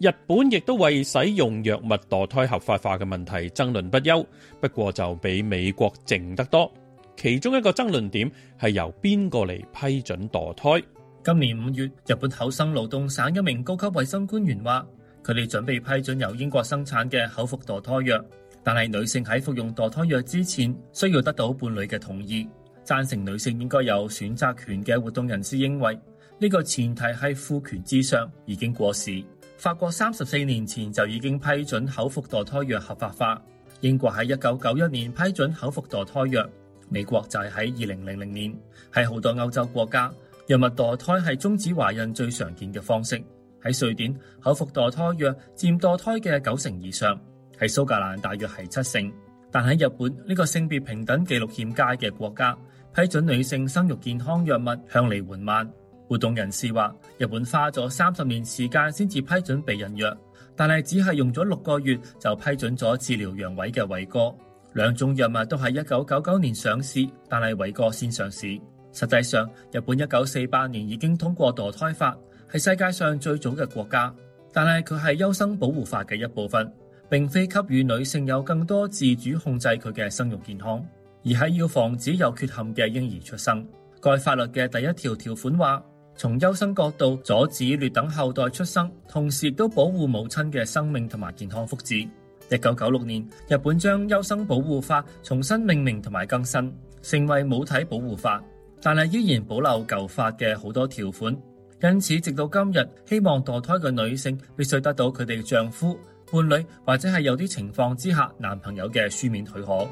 日本亦都為使用藥物墮胎合法化嘅問題爭論不休。不過就比美國靜得多。其中一個爭論點係由邊個嚟批准墮胎？今年五月，日本厚生勞動省一名高級衛生官員話，佢哋準備批准由英國生產嘅口服墮胎藥，但係女性喺服用墮胎藥之前需要得到伴侶嘅同意。贊成女性應該有選擇權嘅活動人士認為，呢個前提係父權之上已經過時。法國三十四年前就已經批准口服墮胎藥合法化，英國喺一九九一年批准口服墮胎藥，美國就係喺二零零零年。係好多歐洲國家，藥物墮胎係終止懷孕最常見嘅方式。喺瑞典，口服墮胎藥佔墮胎嘅九成以上；喺蘇格蘭大約係七成，但喺日本呢個性別平等記錄欠佳嘅國家。批准女性生育健康藥物向嚟緩慢。活動人士話，日本花咗三十年時間先至批准避孕藥，但係只係用咗六個月就批准咗治療陽痿嘅偉哥。兩種藥物都係一九九九年上市，但係偉哥先上市。實際上，日本一九四八年已經通過墮胎法，係世界上最早嘅國家，但係佢係優生保護法嘅一部分，並非給予女性有更多自主控制佢嘅生育健康。而係要防止有缺陷嘅嬰兒出生。該法律嘅第一條條款話：從優生角度阻止劣等後代出生，同時亦都保護母親嘅生命同埋健康福祉。一九九六年，日本將優生保護法重新命名同埋更新，成為母體保護法，但係依然保留舊法嘅好多條款。因此，直到今日，希望墮胎嘅女性必須得到佢哋丈夫、伴侶或者係有啲情況之下男朋友嘅書面許可。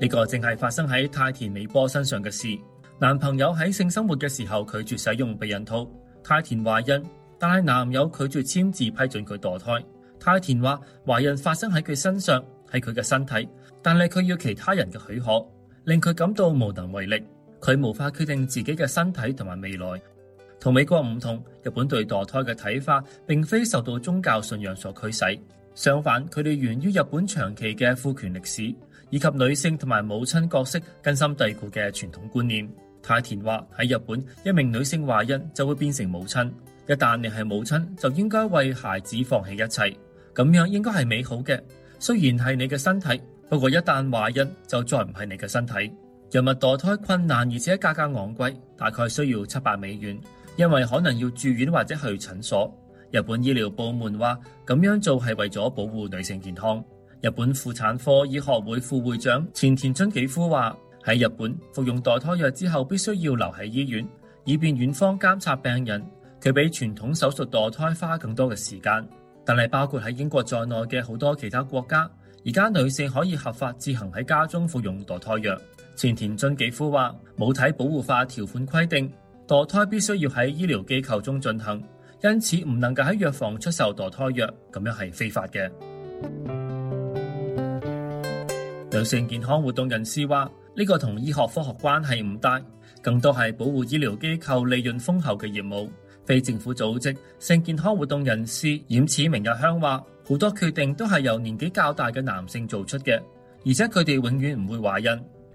呢個正係發生喺太田美波身上嘅事。男朋友喺性生活嘅時候拒絕使用避孕套，太田懷孕，但係男友拒絕簽字批准佢墮胎。太田話懷孕發生喺佢身上，喺佢嘅身體，但係佢要其他人嘅許可，令佢感到無能為力。佢無法決定自己嘅身體同埋未來。同美國唔同，日本對墮胎嘅睇法並非受到宗教信仰所驅使，相反，佢哋源於日本長期嘅父權歷史，以及女性同埋母親角色根深蒂固嘅傳統觀念。太田話喺日本，一名女性懷孕就會變成母親。一旦你係母親，就應該為孩子放棄一切，咁樣應該係美好嘅。雖然係你嘅身體，不過一旦懷孕就再唔係你嘅身體。藥物墮胎困難而且價格昂貴，大概需要七百美元，因為可能要住院或者去診所。日本醫療部門話，咁樣做係為咗保護女性健康。日本婦產科醫學會副會長前田俊紀夫話：喺日本服用墮胎藥之後，必須要留喺醫院，以便院方監察病人。佢比傳統手術墮胎花更多嘅時間。但係包括喺英國在內嘅好多其他國家，而家女性可以合法自行喺家中服用墮胎藥。前田俊紀夫話：母體保護法條款規定，墮胎必須要喺醫療機構中進行，因此唔能夠喺藥房出售墮胎藥，咁樣係非法嘅。女性健康活動人士話：呢個同醫學科學關係唔大，更多係保護醫療機構利潤豐厚嘅業務。非政府組織性健康活動人士染此明日香話：好多決定都係由年紀較大嘅男性做出嘅，而且佢哋永遠唔會懷孕。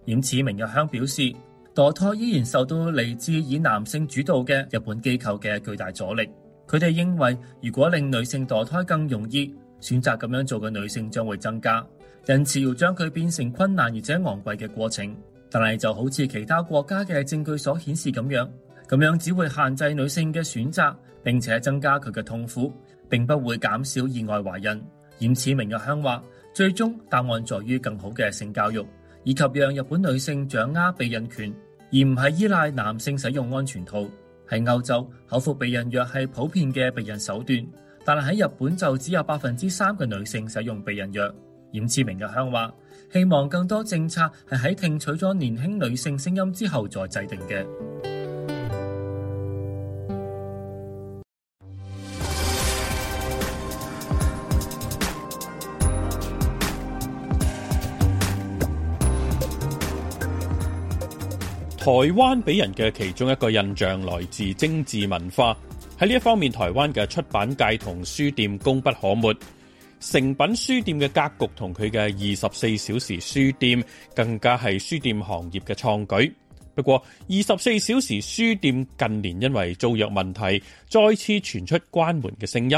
染此明日香表示，墮胎依然受到嚟自以男性主導嘅日本機構嘅巨大阻力。佢哋認為，如果令女性墮胎更容易，選擇咁樣做嘅女性將會增加。因此要將佢變成困難而且昂貴嘅過程，但係就好似其他國家嘅證據所顯示咁樣，咁樣只會限制女性嘅選擇，並且增加佢嘅痛苦，並不會減少意外懷孕。嚴此名嘅香話，最終答案在於更好嘅性教育，以及讓日本女性掌握避孕權，而唔係依賴男性使用安全套。喺歐洲，口服避孕藥係普遍嘅避孕手段，但係喺日本就只有百分之三嘅女性使用避孕藥。嚴志明日向話，希望更多政策係喺聽取咗年輕女性聲音之後再制定嘅。台灣俾人嘅其中一個印象來自精致文化，喺呢一方面，台灣嘅出版界同書店功不可沒。誠品書店嘅格局同佢嘅二十四小時書店更加係書店行業嘅創舉。不過，二十四小時書店近年因為租約問題再次傳出關門嘅聲音。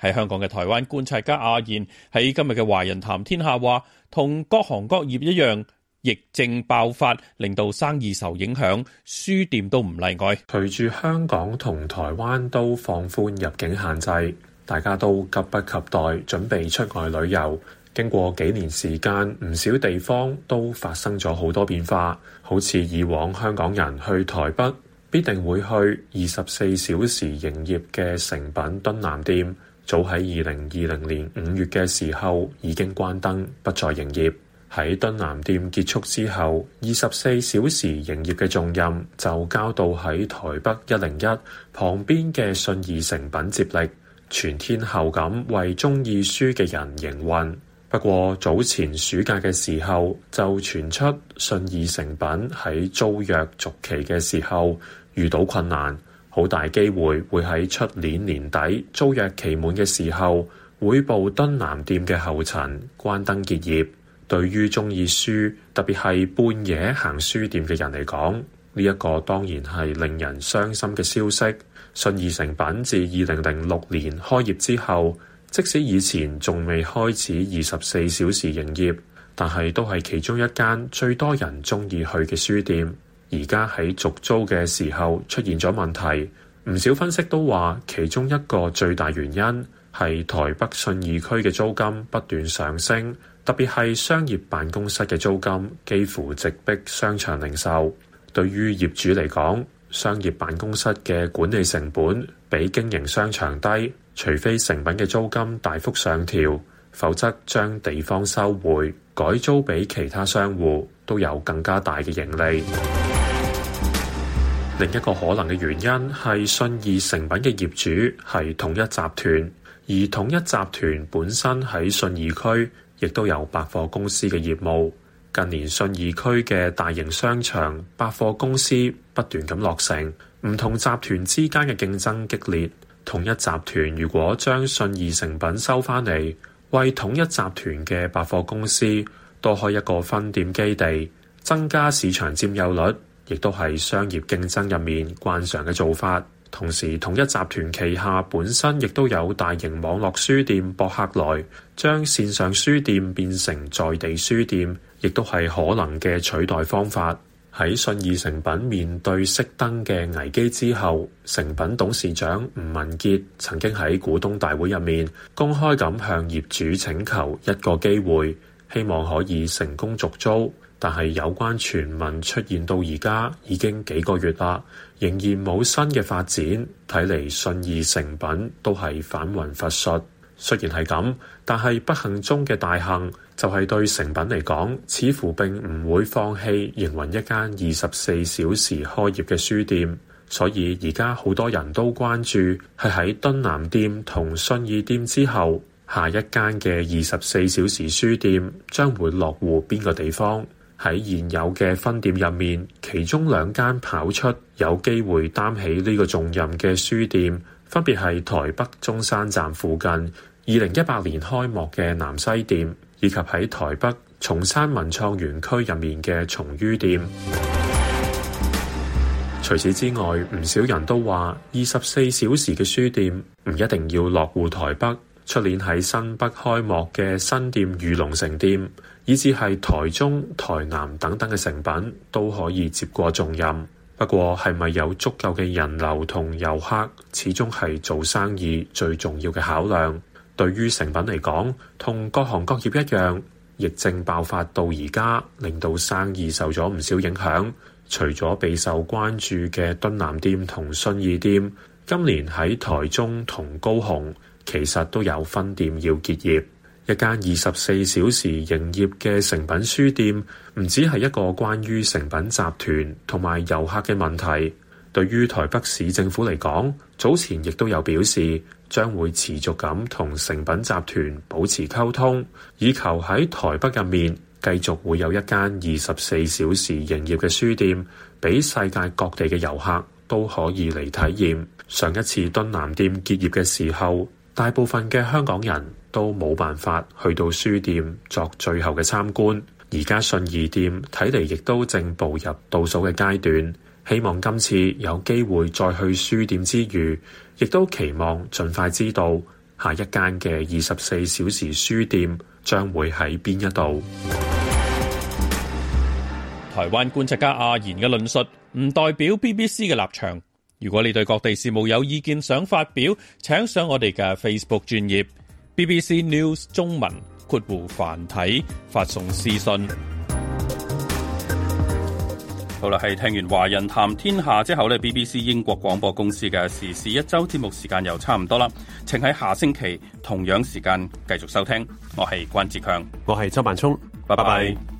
喺香港嘅台灣觀察家阿燕喺今日嘅《華人談天下》話，同各行各業一樣，疫症爆發令到生意受影響，書店都唔例外。隨住香港同台灣都放寬入境限制。大家都急不及待準備出外旅遊，經過幾年時間唔少地方都發生咗好多變化。好似以往香港人去台北，必定會去二十四小時營業嘅誠品敦南店。早喺二零二零年五月嘅時候已經關燈不再營業。喺敦南店結束之後二十四小時營業嘅重任就交到喺台北一零一旁邊嘅信義誠品接力。全天候咁為鍾意書嘅人營運，不過早前暑假嘅時候就傳出信義誠品喺租約續期嘅時候遇到困難，好大機會會喺出年年底租約期滿嘅時候，會步敦南店嘅後塵關燈結業。對於鍾意書，特別係半夜行書店嘅人嚟講，呢一個當然係令人傷心嘅消息。信義誠品自二零零六年開業之後，即使以前仲未開始二十四小時營業，但係都係其中一間最多人鍾意去嘅書店。而家喺續租嘅時候出現咗問題，唔少分析都話，其中一個最大原因係台北信義區嘅租金不斷上升，特別係商業辦公室嘅租金幾乎直逼商場零售，對於業主嚟講，商業辦公室嘅管理成本比經營商場低，除非誠品嘅租金大幅上調，否則將地方收回，改租俾其他商戶都有更加大嘅盈利。 另一個可能嘅原因係信義誠品嘅業主係統一集團，而統一集團本身喺信義區亦都有百貨公司嘅業務。近年信義區嘅大型商場、百貨公司不斷咁落成，唔同集團之間嘅競爭激烈。統一集團如果將信義誠品收返嚟，為統一集團嘅百貨公司多開一個分店基地，增加市場佔有率，亦都係商業競爭入面慣常嘅做法。同時統一集團旗下本身亦都有大型網絡書店博客來，將線上書店變成在地書店，亦都係可能嘅取代方法。喺信義誠品面對熄燈嘅危機之後，誠品董事長吳文杰曾經喺股東大會入面公開咁向業主請求一個機會，希望可以成功續租。但係有關傳聞出現到而家已經幾個月啦。仍然冇新嘅發展，睇嚟信義誠品都係返魂乏術，雖然係咁，但係不幸中嘅大幸就係對誠品嚟講似乎並唔會放棄營運一間二十四小時開業嘅書店。所以而家好多人都關注係喺敦南店同信義店之後，下一間嘅二十四小時書店將會落戶邊個地方？喺現有嘅分店入面，其中兩間跑出有機會擔起呢個重任嘅書店，分別係台北中山站附近二零一八年開幕嘅南西店，以及喺台北松山文創園區入面嘅松菸店。 除此之外，唔少人都話，二十四小時嘅書店唔一定要落戶台北，出年喺新北開幕嘅新店裕隆城店。以至係台中、台南等等嘅誠品都可以接過重任。不過係咪有足夠嘅人流同遊客，始終係做生意最重要嘅考量。對於誠品嚟講，同各行各業一樣，疫症爆發到而家，令到生意受咗唔少影響。除咗備受關注嘅敦南店同信義店，今年喺台中同高雄其實都有分店要結業。一間二十四小時營業嘅誠品書店，唔止係一個關於誠品集團同埋遊客嘅問題。對於台北市政府嚟講，早前亦都有表示，將會持續咁同誠品集團保持溝通，以求喺台北入面繼續會有一間二十四小時營業嘅書店，俾世界各地嘅遊客都可以嚟體驗。上一次敦南店結業嘅時候，大部分嘅香港人，都冇辦法去到書店作最後嘅參觀，而家信義店睇嚟亦都正步入倒數嘅階段。希望今次有機會再去書店之餘，亦都期望盡快知道下一間嘅二十四小時書店將會喺邊一度。台灣觀察家阿言嘅論述唔代表 BBC 嘅立場。如果你對各地事務有意見想發表，請上我哋嘅 Facebook 專頁。BBC News 中文括弧繁體發送私信。好啦，係聽完華人談天下之後呢，BBC 英國廣播公司嘅時事一周節目時間又差唔多啦，請喺下星期同樣時間繼續收聽。我係關志強，我係周萬聰，拜拜。